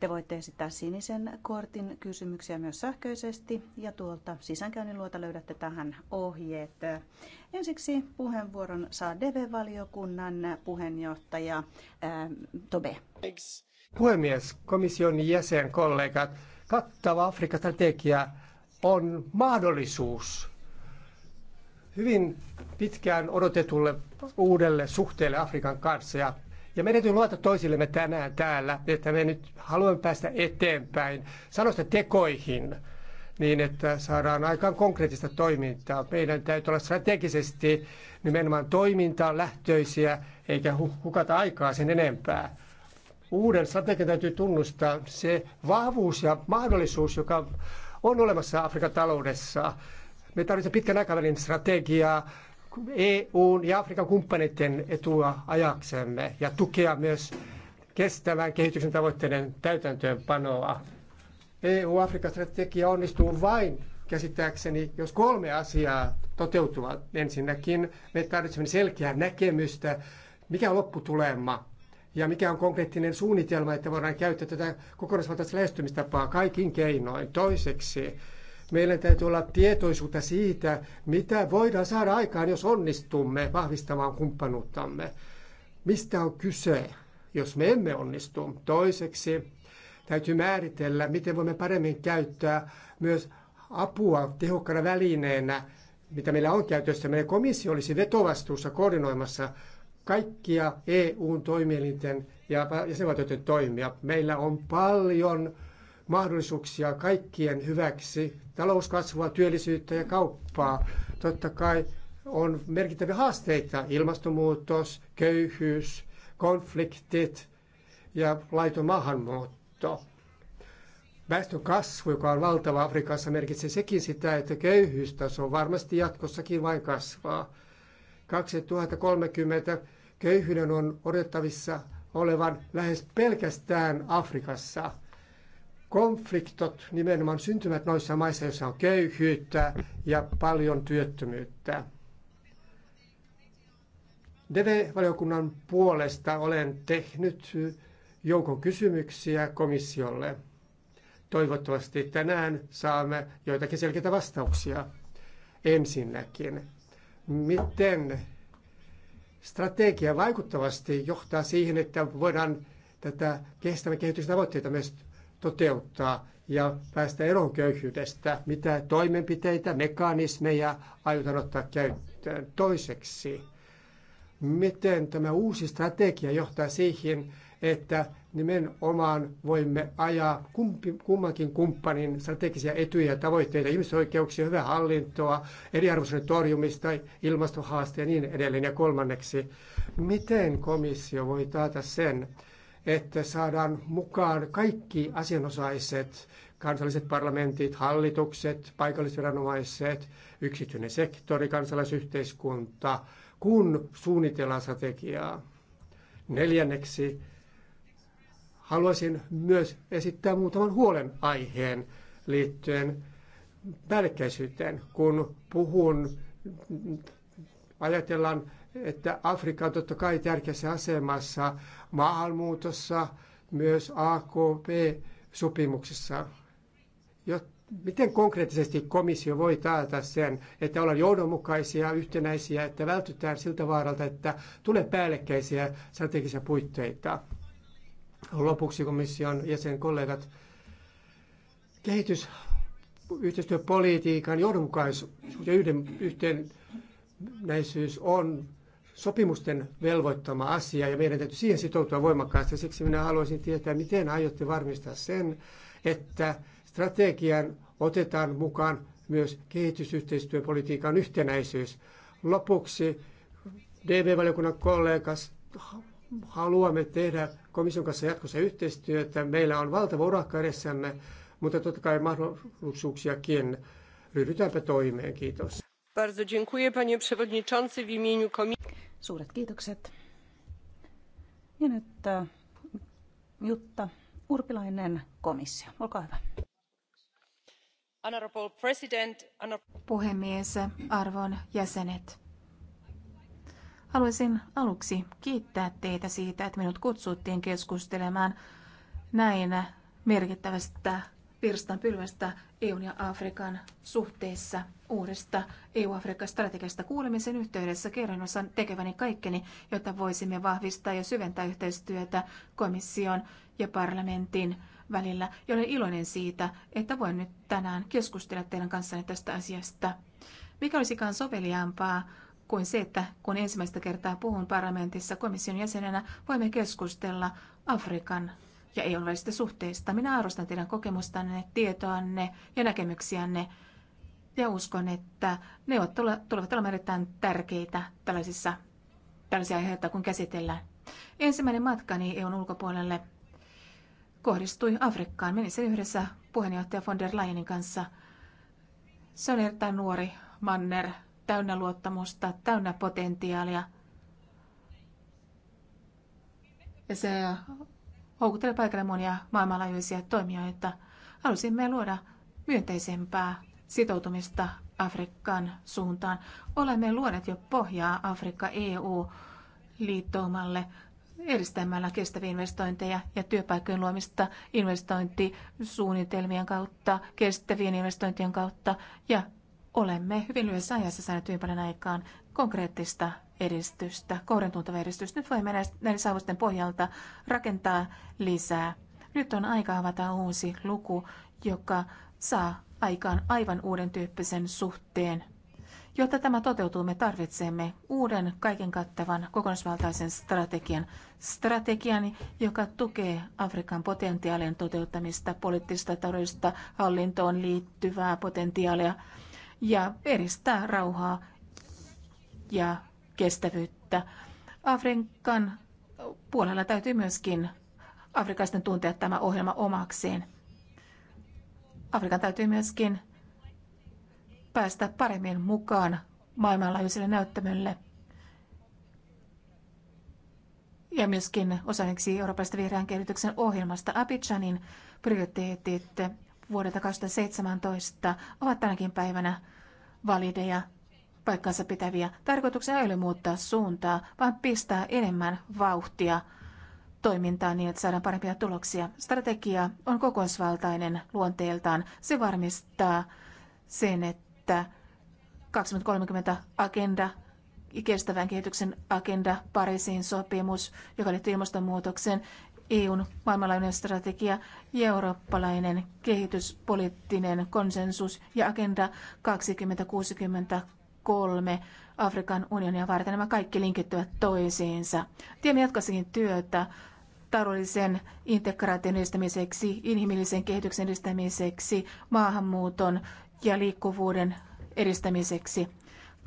Te voitte esittää sinisen kortin kysymyksiä myös sähköisesti ja tuolta sisäänkäynnin luota löydätte tähän ohjeet. Ensiksi puheenvuoron saa DV-valiokunnan puheenjohtaja Tobe. Puhemies, komission jäsen, kollegat, kattava Afrikka-strategia on mahdollisuus hyvin pitkään odotetulle uudelle suhteelle Afrikan kanssa ja ja meidän täytyy luota toisillemme tänään täällä, että me nyt haluamme päästä eteenpäin sanoista tekoihin niin, että saadaan aikaan konkreettista toimintaa. Meidän täytyy olla strategisesti nimenomaan toimintaan lähtöisiä, eikä hukata aikaa sen enempää. Uuden strategian täytyy tunnustaa se vahvuus ja mahdollisuus, joka on olemassa Afrikan taloudessa. Me tarvitsemme pitkän aikavälin strategiaa, EUn ja Afrikan kumppaneiden etua ajaksemme ja tukea myös kestävän kehityksen tavoitteiden täytäntöönpanoa. EU-Afrikka-strategia onnistuu vain käsittääkseni, jos kolme asiaa toteutuvat. Ensinnäkin me tarvitsemme selkeää näkemystä, mikä on lopputulema ja mikä on konkreettinen suunnitelma, että voidaan käyttää tätä kokonaisvaltaista lähestymistapaa kaikin keinoin. Toiseksi Meillä täytyy olla tietoisuutta siitä, mitä voidaan saada aikaan, jos onnistumme vahvistamaan kumppanuuttamme. Mistä on kyse, jos me emme onnistu? Toiseksi täytyy määritellä, miten voimme paremmin käyttää myös apua tehokkana välineenä, mitä meillä on käytössä. Meidän komissio olisi vetovastuussa koordinoimassa kaikkia eu toimielinten ja jäsenvaltioiden toimia. Meillä on paljon mahdollisuuksia kaikkien hyväksi, talouskasvua, työllisyyttä ja kauppaa. Totta kai on merkittäviä haasteita, ilmastonmuutos, köyhyys, konfliktit ja laiton maahanmuutto. Väestökasvu, joka on valtava Afrikassa, merkitsee sekin sitä, että köyhyystaso varmasti jatkossakin vain kasvaa. 2030 köyhyyden on odotettavissa olevan lähes pelkästään Afrikassa – konfliktot nimenomaan syntyvät noissa maissa, joissa on köyhyyttä ja paljon työttömyyttä. DV-valiokunnan puolesta olen tehnyt joukon kysymyksiä komissiolle. Toivottavasti tänään saamme joitakin selkeitä vastauksia. Ensinnäkin, miten strategia vaikuttavasti johtaa siihen, että voidaan tätä kestävän kehitystavoitteita myös toteuttaa ja päästä eroon köyhyydestä? Mitä toimenpiteitä, mekanismeja aiotaan ottaa käyttöön? Toiseksi, miten tämä uusi strategia johtaa siihen, että nimenomaan voimme ajaa kumpi, kummankin kumppanin strategisia etuja ja tavoitteita, ihmisoikeuksia, hyvää hallintoa, eriarvoisuuden torjumista, ilmastohaaste ja niin edelleen. Ja kolmanneksi, miten komissio voi taata sen, että saadaan mukaan kaikki asianosaiset, kansalliset parlamentit, hallitukset, paikallisviranomaiset, yksityinen sektori, kansalaisyhteiskunta, kun suunnitellaan strategiaa. Neljänneksi haluaisin myös esittää muutaman huolen aiheen liittyen päällekkäisyyteen, kun puhun, ajatellaan että Afrikka on totta kai tärkeässä asemassa maahanmuutossa, myös AKP-sopimuksessa. Miten konkreettisesti komissio voi taata sen, että ollaan johdonmukaisia, yhtenäisiä, että vältytään siltä vaaralta, että tulee päällekkäisiä strategisia puitteita? Lopuksi komission jäsenkollegat, kehitys yhteistyöpolitiikan johdonmukaisuus ja yhden, yhtenäisyys on sopimusten velvoittama asia ja meidän täytyy siihen sitoutua voimakkaasti. Siksi minä haluaisin tietää, miten aiotte varmistaa sen, että strategian otetaan mukaan myös kehitysyhteistyöpolitiikan yhtenäisyys. Lopuksi DV-valiokunnan kollegas haluamme tehdä komission kanssa jatkossa yhteistyötä. Meillä on valtava urakka edessämme, mutta totta kai mahdollisuuksiakin. Ryhdytäänpä toimeen. Kiitos. Bardzo dziękuję, panie przewodniczący, w imieniu komisji. Suuret kiitokset. Ja nyt äh, Jutta Urpilainen komissio. Olkaa hyvä. Puhemies, arvon jäsenet. Haluaisin aluksi kiittää teitä siitä, että minut kutsuttiin keskustelemaan näin merkittävästä virstan pylvästä EUn ja Afrikan suhteessa uudesta EU-Afrikka-strategiasta kuulemisen yhteydessä kerran osan tekeväni kaikkeni, jotta voisimme vahvistaa ja syventää yhteistyötä komission ja parlamentin välillä. Ja olen iloinen siitä, että voin nyt tänään keskustella teidän kanssanne tästä asiasta. Mikä olisikaan soveliaampaa kuin se, että kun ensimmäistä kertaa puhun parlamentissa komission jäsenenä, voimme keskustella Afrikan ja ole välistä suhteista. Minä arvostan teidän kokemustanne, tietoanne ja näkemyksiänne ja uskon, että ne ovat tulevat olemaan erittäin tärkeitä tällaisissa, tällaisia aiheita, kun käsitellään. Ensimmäinen matkani EUn ulkopuolelle kohdistui Afrikkaan. Menin sen yhdessä puheenjohtaja von der Leyenin kanssa. Se on erittäin nuori manner, täynnä luottamusta, täynnä potentiaalia. Ja se houkuttele paikalle monia maailmanlaajuisia toimijoita. Halusimme luoda myönteisempää sitoutumista Afrikan suuntaan. Olemme luoneet jo pohjaa Afrikka-EU-liittoumalle edistämällä kestäviä investointeja ja työpaikkojen luomista investointisuunnitelmien kautta, kestävien investointien kautta ja olemme hyvin lyhyessä ajassa saaneet hyvin paljon aikaan konkreettista edistystä, kohdentunutta edistystä. Nyt voimme näiden saavusten pohjalta rakentaa lisää. Nyt on aika avata uusi luku, joka saa aikaan aivan uuden tyyppisen suhteen. Jotta tämä toteutuu, me tarvitsemme uuden kaiken kattavan kokonaisvaltaisen strategian. Strategian, joka tukee Afrikan potentiaalien toteuttamista, poliittista taloudellista hallintoon liittyvää potentiaalia ja edistää rauhaa ja kestävyyttä. Afrikan puolella täytyy myöskin afrikaisten tuntea tämä ohjelma omakseen. Afrikan täytyy myöskin päästä paremmin mukaan maailmanlaajuiselle näyttämölle ja myöskin osaksi Euroopasta vihreän kehityksen ohjelmasta Abidjanin prioriteetit vuodelta 2017 ovat tänäkin päivänä valideja paikkansa pitäviä. Tarkoituksena ei ole muuttaa suuntaa, vaan pistää enemmän vauhtia toimintaan niin, että saadaan parempia tuloksia. Strategia on kokonaisvaltainen luonteeltaan. Se varmistaa sen, että 2030 agenda kestävän kehityksen agenda, Pariisin sopimus, joka liittyy ilmastonmuutokseen, EUn maailmanlaajuinen strategia, eurooppalainen kehityspoliittinen konsensus ja agenda 2060 kolme Afrikan unionia varten. Nämä kaikki linkittyvät toisiinsa. Teemme jatkossakin työtä taloudellisen integraation edistämiseksi, inhimillisen kehityksen edistämiseksi, maahanmuuton ja liikkuvuuden edistämiseksi.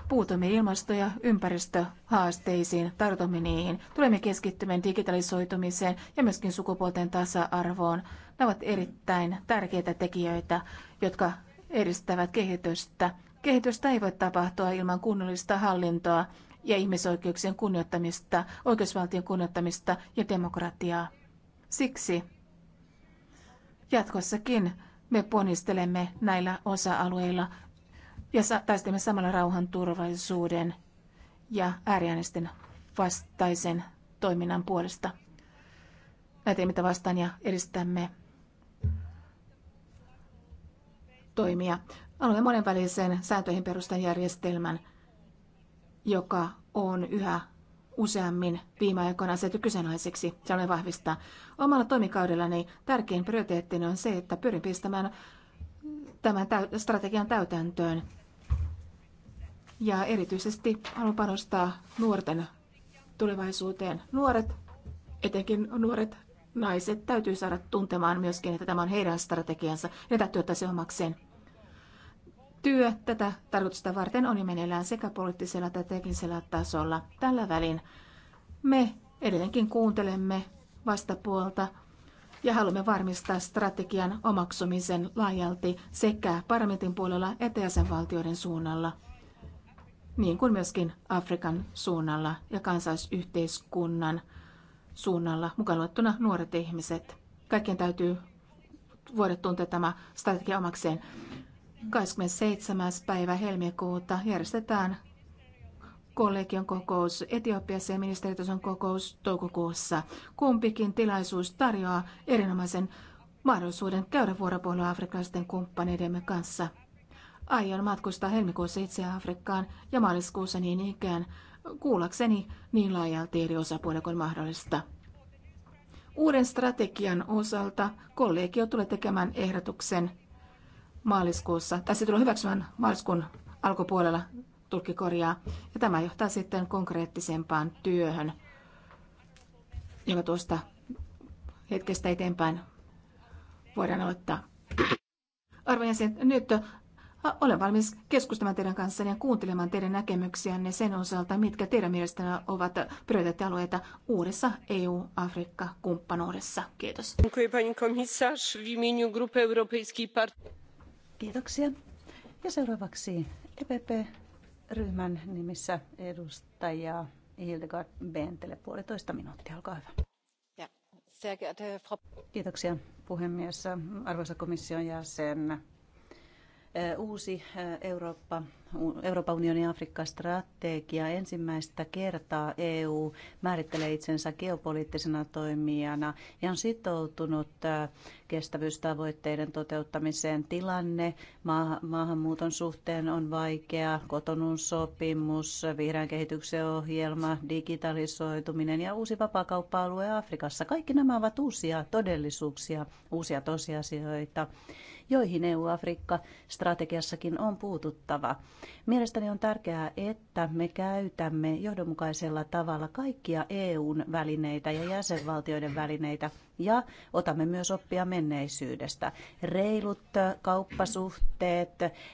Puutumme ilmasto- ja ympäristöhaasteisiin, tartumme niihin. Tulemme keskittymään digitalisoitumiseen ja myöskin sukupuolten tasa-arvoon. Nämä ovat erittäin tärkeitä tekijöitä, jotka edistävät kehitystä. Kehitystä ei voi tapahtua ilman kunnollista hallintoa ja ihmisoikeuksien kunnioittamista, oikeusvaltion kunnioittamista ja demokratiaa. Siksi jatkossakin me ponnistelemme näillä osa-alueilla ja taistelemme samalla rauhan turvallisuuden ja ääriäänisten vastaisen toiminnan puolesta. Näitä mitä vastaan ja edistämme toimia. Aloimme monenvälisen sääntöihin perustan järjestelmän, joka on yhä useammin viime aikoina asetettu kyseenalaiseksi. Haluan vahvistaa. Omalla toimikaudellani tärkein prioriteetti on se, että pyrin pistämään tämän strategian täytäntöön. Ja erityisesti haluan panostaa nuorten tulevaisuuteen. Nuoret, etenkin nuoret naiset, täytyy saada tuntemaan myöskin, että tämä on heidän strategiansa Ne täytyy ottaa se omakseen. Työ tätä tarkoitusta varten on jo meneillään sekä poliittisella että teknisellä tasolla. Tällä välin me edelleenkin kuuntelemme vastapuolta ja haluamme varmistaa strategian omaksumisen laajalti sekä parlamentin puolella että jäsenvaltioiden suunnalla, niin kuin myöskin Afrikan suunnalla ja kansaisyhteiskunnan suunnalla, mukaan luettuna nuoret ihmiset. Kaikkien täytyy voida tuntea tämä strategia omakseen. 27. päivä helmikuuta järjestetään kollegion kokous Etiopiassa ja ministeritason kokous toukokuussa. Kumpikin tilaisuus tarjoaa erinomaisen mahdollisuuden käydä vuoropuhelua afrikkalaisten kumppaneidemme kanssa. Aion matkustaa helmikuussa itse Afrikkaan ja maaliskuussa niin ikään kuullakseni niin laajalti eri osapuolia kuin mahdollista. Uuden strategian osalta kollegio tulee tekemään ehdotuksen – maaliskuussa, tai se tulee hyväksymään maaliskuun alkupuolella tulkikorjaa, ja tämä johtaa sitten konkreettisempaan työhön, joka tuosta hetkestä eteenpäin voidaan aloittaa. Arvoin sen, nyt olen valmis keskustelemaan teidän kanssanne ja kuuntelemaan teidän näkemyksiänne sen osalta, mitkä teidän mielestänne ovat prioriteettialueita uudessa EU-Afrikka-kumppanuudessa. Kiitos. Kiitoksia. Ja seuraavaksi EPP-ryhmän nimissä edustaja Hildegard Bentele puolitoista minuuttia. Olkaa hyvä. Kiitoksia puhemies. Arvoisa komission jäsen, uusi Eurooppa Euroopan unionin Afrikka-strategia. Ensimmäistä kertaa EU määrittelee itsensä geopoliittisena toimijana ja on sitoutunut äh, kestävyystavoitteiden toteuttamiseen. Tilanne maahanmuuton suhteen on vaikea, kotonun sopimus, vihreän kehityksen ohjelma, digitalisoituminen ja uusi vapaakauppa-alue Afrikassa. Kaikki nämä ovat uusia todellisuuksia, uusia tosiasioita joihin EU-Afrikka-strategiassakin on puututtava. Mielestäni on tärkeää, että me käytämme johdonmukaisella tavalla kaikkia EUn välineitä ja jäsenvaltioiden välineitä ja otamme myös oppia menneisyydestä. Reilut äh, kauppasuhteet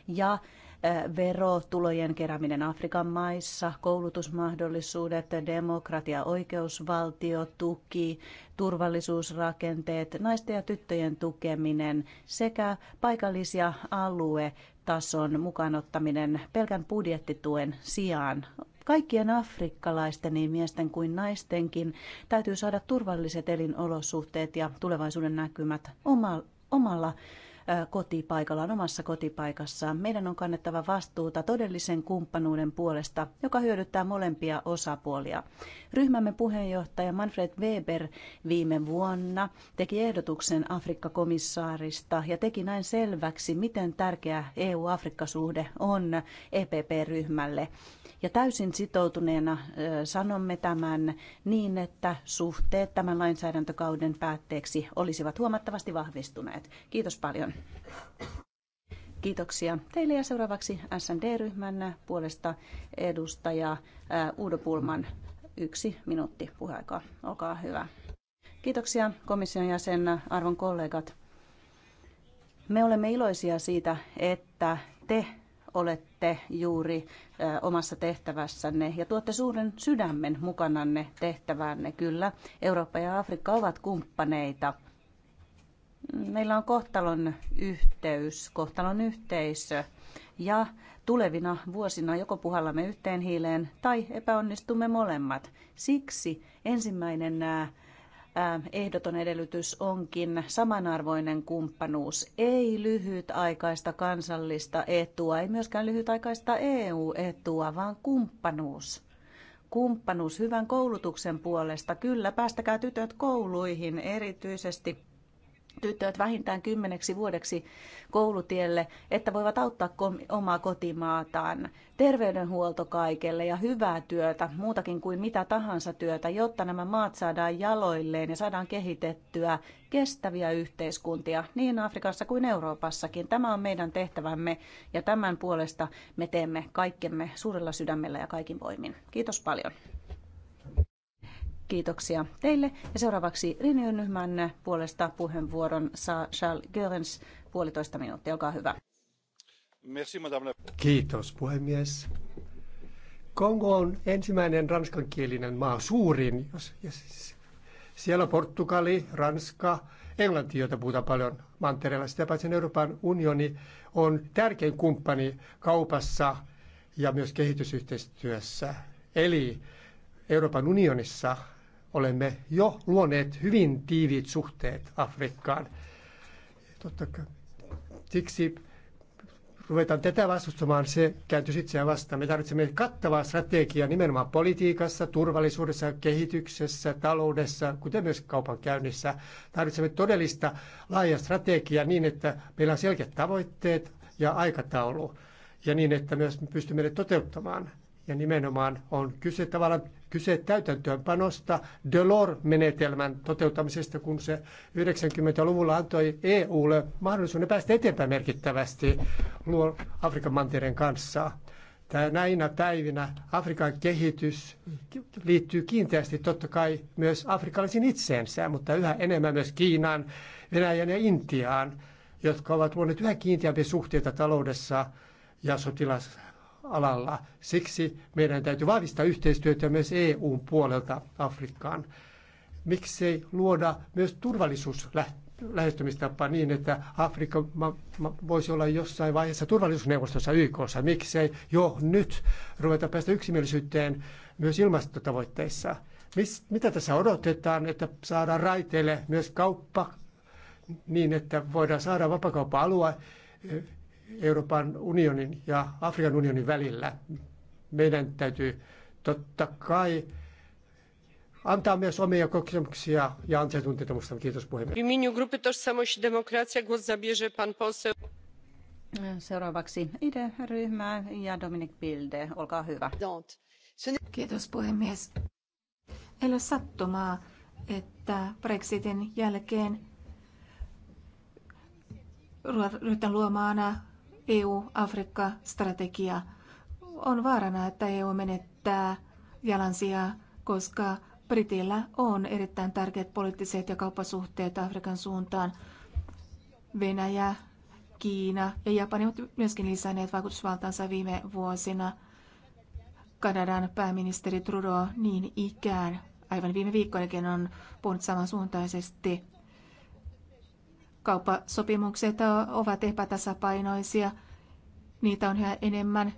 ja äh, verotulojen kerääminen Afrikan maissa, koulutusmahdollisuudet, demokratia, oikeusvaltio, tuki, turvallisuusrakenteet, naisten ja tyttöjen tukeminen sekä paikallisia alue tason mukaanottaminen pelkän budjettituen sijaan kaikkien afrikkalaisten, niin miesten kuin naistenkin, täytyy saada turvalliset elinolosuhteet ja tulevaisuuden näkymät omalla kotipaikallaan, omassa kotipaikassaan. Meidän on kannettava vastuuta todellisen kumppanuuden puolesta, joka hyödyttää molempia osapuolia. Ryhmämme puheenjohtaja Manfred Weber viime vuonna teki ehdotuksen Afrikka-komissaarista ja teki näin selväksi, miten tärkeä EU-Afrikka-suhde on EPP-ryhmälle. Ja täysin sitoutuneena sanomme tämän niin, että suhteet tämän lainsäädäntökauden päätteeksi olisivat huomattavasti vahvistuneet. Kiitos paljon. Kiitoksia teille ja seuraavaksi SND-ryhmän puolesta edustaja äh, Uudo Pulman yksi minuutti puheaikaa. Olkaa hyvä. Kiitoksia komission jäsen arvon kollegat. Me olemme iloisia siitä, että te olette juuri äh, omassa tehtävässänne ja tuotte suuren sydämen mukananne tehtävänne. Kyllä, Eurooppa ja Afrikka ovat kumppaneita – meillä on kohtalon yhteys, kohtalon yhteisö. Ja tulevina vuosina joko puhallamme yhteen hiileen tai epäonnistumme molemmat. Siksi ensimmäinen ehdoton edellytys onkin samanarvoinen kumppanuus, ei lyhytaikaista kansallista etua, ei myöskään lyhytaikaista EU-etua, vaan kumppanuus. Kumppanuus hyvän koulutuksen puolesta, kyllä, päästäkää tytöt kouluihin erityisesti tytöt vähintään kymmeneksi vuodeksi koulutielle, että voivat auttaa omaa kotimaataan. Terveydenhuolto kaikelle ja hyvää työtä, muutakin kuin mitä tahansa työtä, jotta nämä maat saadaan jaloilleen ja saadaan kehitettyä kestäviä yhteiskuntia niin Afrikassa kuin Euroopassakin. Tämä on meidän tehtävämme ja tämän puolesta me teemme kaikkemme suurella sydämellä ja kaikin voimin. Kiitos paljon. Kiitoksia teille. Ja seuraavaksi Rinjön ryhmän puolesta puheenvuoron saa Charles Görens puolitoista minuuttia. Olkaa hyvä. Kiitos puhemies. Kongo on ensimmäinen ranskankielinen maa, suurin. Jos, jos, siis siellä on Portugali, Ranska, Englanti, joita puhutaan paljon mantereella. Sitä paitsi Euroopan unioni on tärkein kumppani kaupassa ja myös kehitysyhteistyössä. Eli Euroopan unionissa olemme jo luoneet hyvin tiiviit suhteet Afrikkaan. Totta kai. Siksi ruvetaan tätä vastustamaan, se kääntyisi itseään vastaan. Me tarvitsemme kattavaa strategiaa nimenomaan politiikassa, turvallisuudessa, kehityksessä, taloudessa, kuten myös kaupankäynnissä. Tarvitsemme todellista laajaa strategiaa niin, että meillä on selkeät tavoitteet ja aikataulu, ja niin, että myös pystymme ne toteuttamaan. Ja nimenomaan on kyse tavallaan kyse täytäntöönpanosta Delors-menetelmän toteuttamisesta, kun se 90-luvulla antoi EUlle mahdollisuuden päästä eteenpäin merkittävästi Afrikan mantereen kanssa. Tämä näinä päivinä Afrikan kehitys liittyy kiinteästi totta kai myös afrikkalaisiin itseensä, mutta yhä enemmän myös Kiinaan, Venäjän ja Intiaan, jotka ovat luoneet yhä kiinteämpiä suhteita taloudessa ja sotilas alalla. Siksi meidän täytyy vahvistaa yhteistyötä myös EUn puolelta Afrikkaan. Miksei luoda myös turvallisuuslähestymistapa niin, että Afrikka voisi olla jossain vaiheessa turvallisuusneuvostossa YKssa. Miksei jo nyt ruveta päästä yksimielisyyteen myös ilmastotavoitteissa. Mis, mitä tässä odotetaan, että saadaan raiteille myös kauppa niin, että voidaan saada vapakauppa-alue Euroopan unionin ja Afrikan unionin välillä. Meidän täytyy totta kai antaa myös omia kokemuksia ja ansiatuntemusta. Kiitos puhemies. W grupy Tożsamość i Demokracja głos zabierze pan poseł. Seuraavaksi IDE-ryhmä ja Dominik Bilde, olkaa hyvä. Kiitos puhemies. Ei ole sattumaa, että Brexitin jälkeen ryhdytään luomaan EU-Afrikka-strategia. On vaarana, että EU menettää jalansijaa, koska Britillä on erittäin tärkeät poliittiset ja kauppasuhteet Afrikan suuntaan. Venäjä, Kiina ja Japani ovat myöskin lisänneet vaikutusvaltaansa viime vuosina. Kanadan pääministeri Trudeau niin ikään aivan viime viikkoinakin on puhunut samansuuntaisesti kauppasopimukset ovat epätasapainoisia, niitä on yhä enemmän.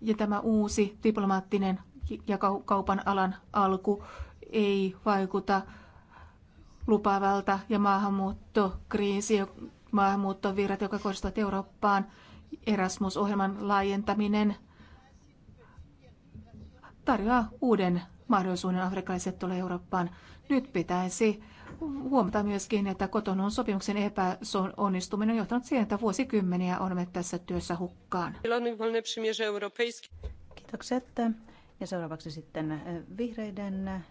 Ja tämä uusi diplomaattinen ja kaupan alan alku ei vaikuta lupaavalta ja maahanmuuttokriisi, maahanmuuttovirrat, joka kohdistuvat Eurooppaan, Erasmus-ohjelman laajentaminen tarjoaa uuden mahdollisuuden afrikkalaiset tulla Eurooppaan. Nyt pitäisi huomata myöskin, että on sopimuksen epäonnistuminen johtanut siihen, että vuosikymmeniä on mennyt tässä työssä hukkaan. Kiitokset. Ja seuraavaksi sitten eh, vihreiden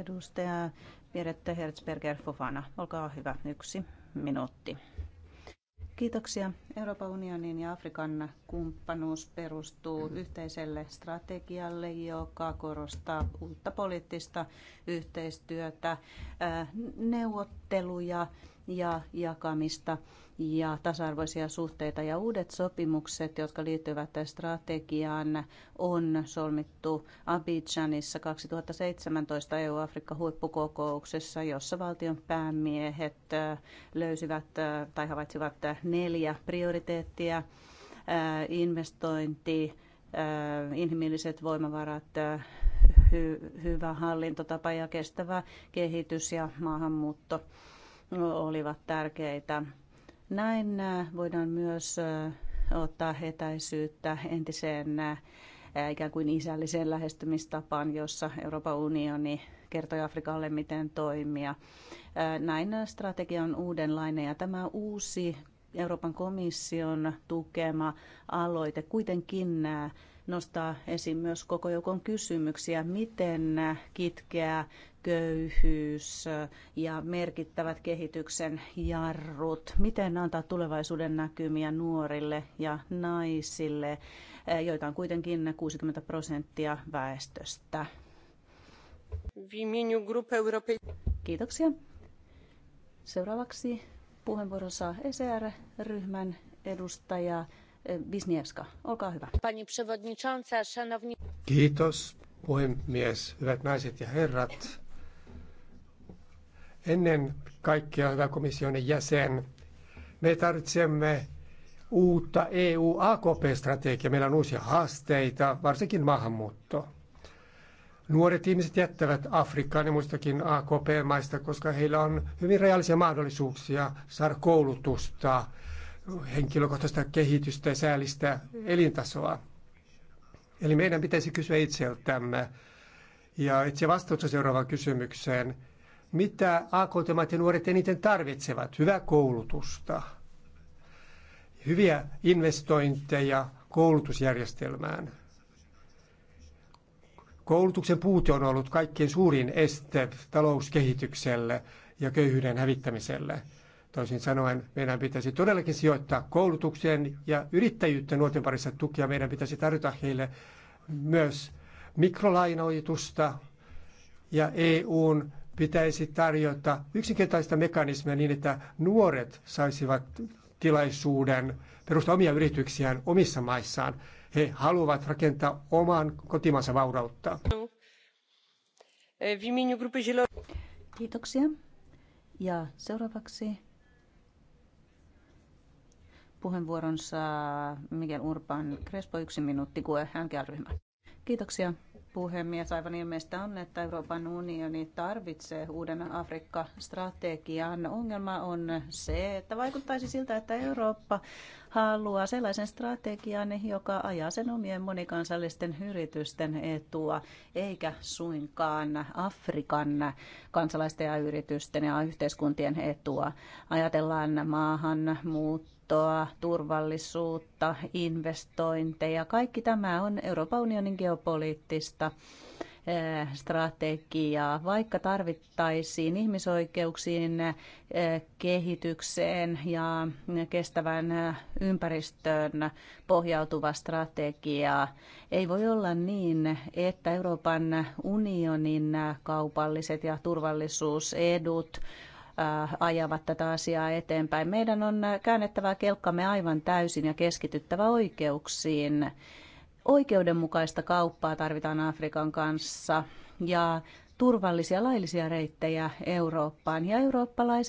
edustaja Pierrette Herzberger Fofana. Olkaa hyvä, yksi minuutti. Kiitoksia. Euroopan unionin ja Afrikan kumppanuus perustuu yhteiselle strategialle, joka korostaa uutta poliittista yhteistyötä, neuvotteluja ja jakamista ja tasa-arvoisia suhteita. Ja uudet sopimukset, jotka liittyvät strategiaan, on solmittu Abidjanissa 2017 EU-Afrikka-huippukokouksessa, jossa valtion päämiehet äh, löysivät äh, tai havaitsivat neljä prioriteettia. Äh, investointi, inhimilliset voimavarat, hy- hyvä hallintotapa ja kestävä kehitys ja maahanmuutto olivat tärkeitä. Näin äh, voidaan myös äh, ottaa etäisyyttä entiseen äh, ikään kuin isälliseen lähestymistapaan, jossa Euroopan unioni kertoi Afrikalle, miten toimia. Näin strategia on uudenlainen ja tämä uusi Euroopan komission tukema aloite kuitenkin nostaa esiin myös koko joukon kysymyksiä, miten kitkeä köyhyys ja merkittävät kehityksen jarrut, miten antaa tulevaisuuden näkymiä nuorille ja naisille, joita on kuitenkin 60 prosenttia väestöstä. Kiitoksia. Seuraavaksi puheenvuoron saa ECR-ryhmän edustaja Wisniewska, olkaa hyvä. Pani przewodnicząca, szanowni... Kiitos puhemies, hyvät naiset ja herrat. Ennen kaikkea, hyvä komission jäsen, me tarvitsemme uutta EU-AKP-strategiaa. Meillä on uusia haasteita, varsinkin maahanmuutto. Nuoret ihmiset jättävät Afrikkaan ja muistakin AKP-maista, koska heillä on hyvin rajallisia mahdollisuuksia saada koulutusta, henkilökohtaista kehitystä ja säällistä elintasoa. Eli meidän pitäisi kysyä itseltämme ja itse vastauksessa seuraavaan kysymykseen. Mitä akt ja nuoret eniten tarvitsevat? Hyvää koulutusta, hyviä investointeja koulutusjärjestelmään. Koulutuksen puute on ollut kaikkein suurin este talouskehitykselle ja köyhyyden hävittämiselle. Toisin sanoen meidän pitäisi todellakin sijoittaa koulutukseen ja yrittäjyyttä nuorten parissa tukia. Meidän pitäisi tarjota heille myös mikrolainoitusta ja EUn pitäisi tarjota yksinkertaista mekanismia niin, että nuoret saisivat tilaisuuden perustaa omia yrityksiään omissa maissaan. He haluavat rakentaa oman kotimansa vaurautta. Kiitoksia. Ja seuraavaksi puheenvuoronsa Miguel Urban Crespo, yksi minuutti, kue ryhmä. Kiitoksia puhemies. Aivan ilmeistä on, että Euroopan unioni tarvitsee uuden Afrikka-strategian. Ongelma on se, että vaikuttaisi siltä, että Eurooppa haluaa sellaisen strategian, joka ajaa sen omien monikansallisten yritysten etua, eikä suinkaan Afrikan kansalaisten ja yritysten ja yhteiskuntien etua. Ajatellaan maahan muut luottoa, turvallisuutta, investointeja. Kaikki tämä on Euroopan unionin geopoliittista eh, strategiaa, vaikka tarvittaisiin ihmisoikeuksiin, eh, kehitykseen ja kestävän eh, ympäristöön pohjautuva strategiaa. Ei voi olla niin, että Euroopan unionin kaupalliset ja turvallisuusedut Äh, ajavat tätä asiaa eteenpäin. Meidän on käännettävä kelkkamme aivan täysin ja keskityttävä oikeuksiin. Oikeudenmukaista kauppaa tarvitaan Afrikan kanssa ja turvallisia laillisia reittejä Eurooppaan. Ja eurooppalaiset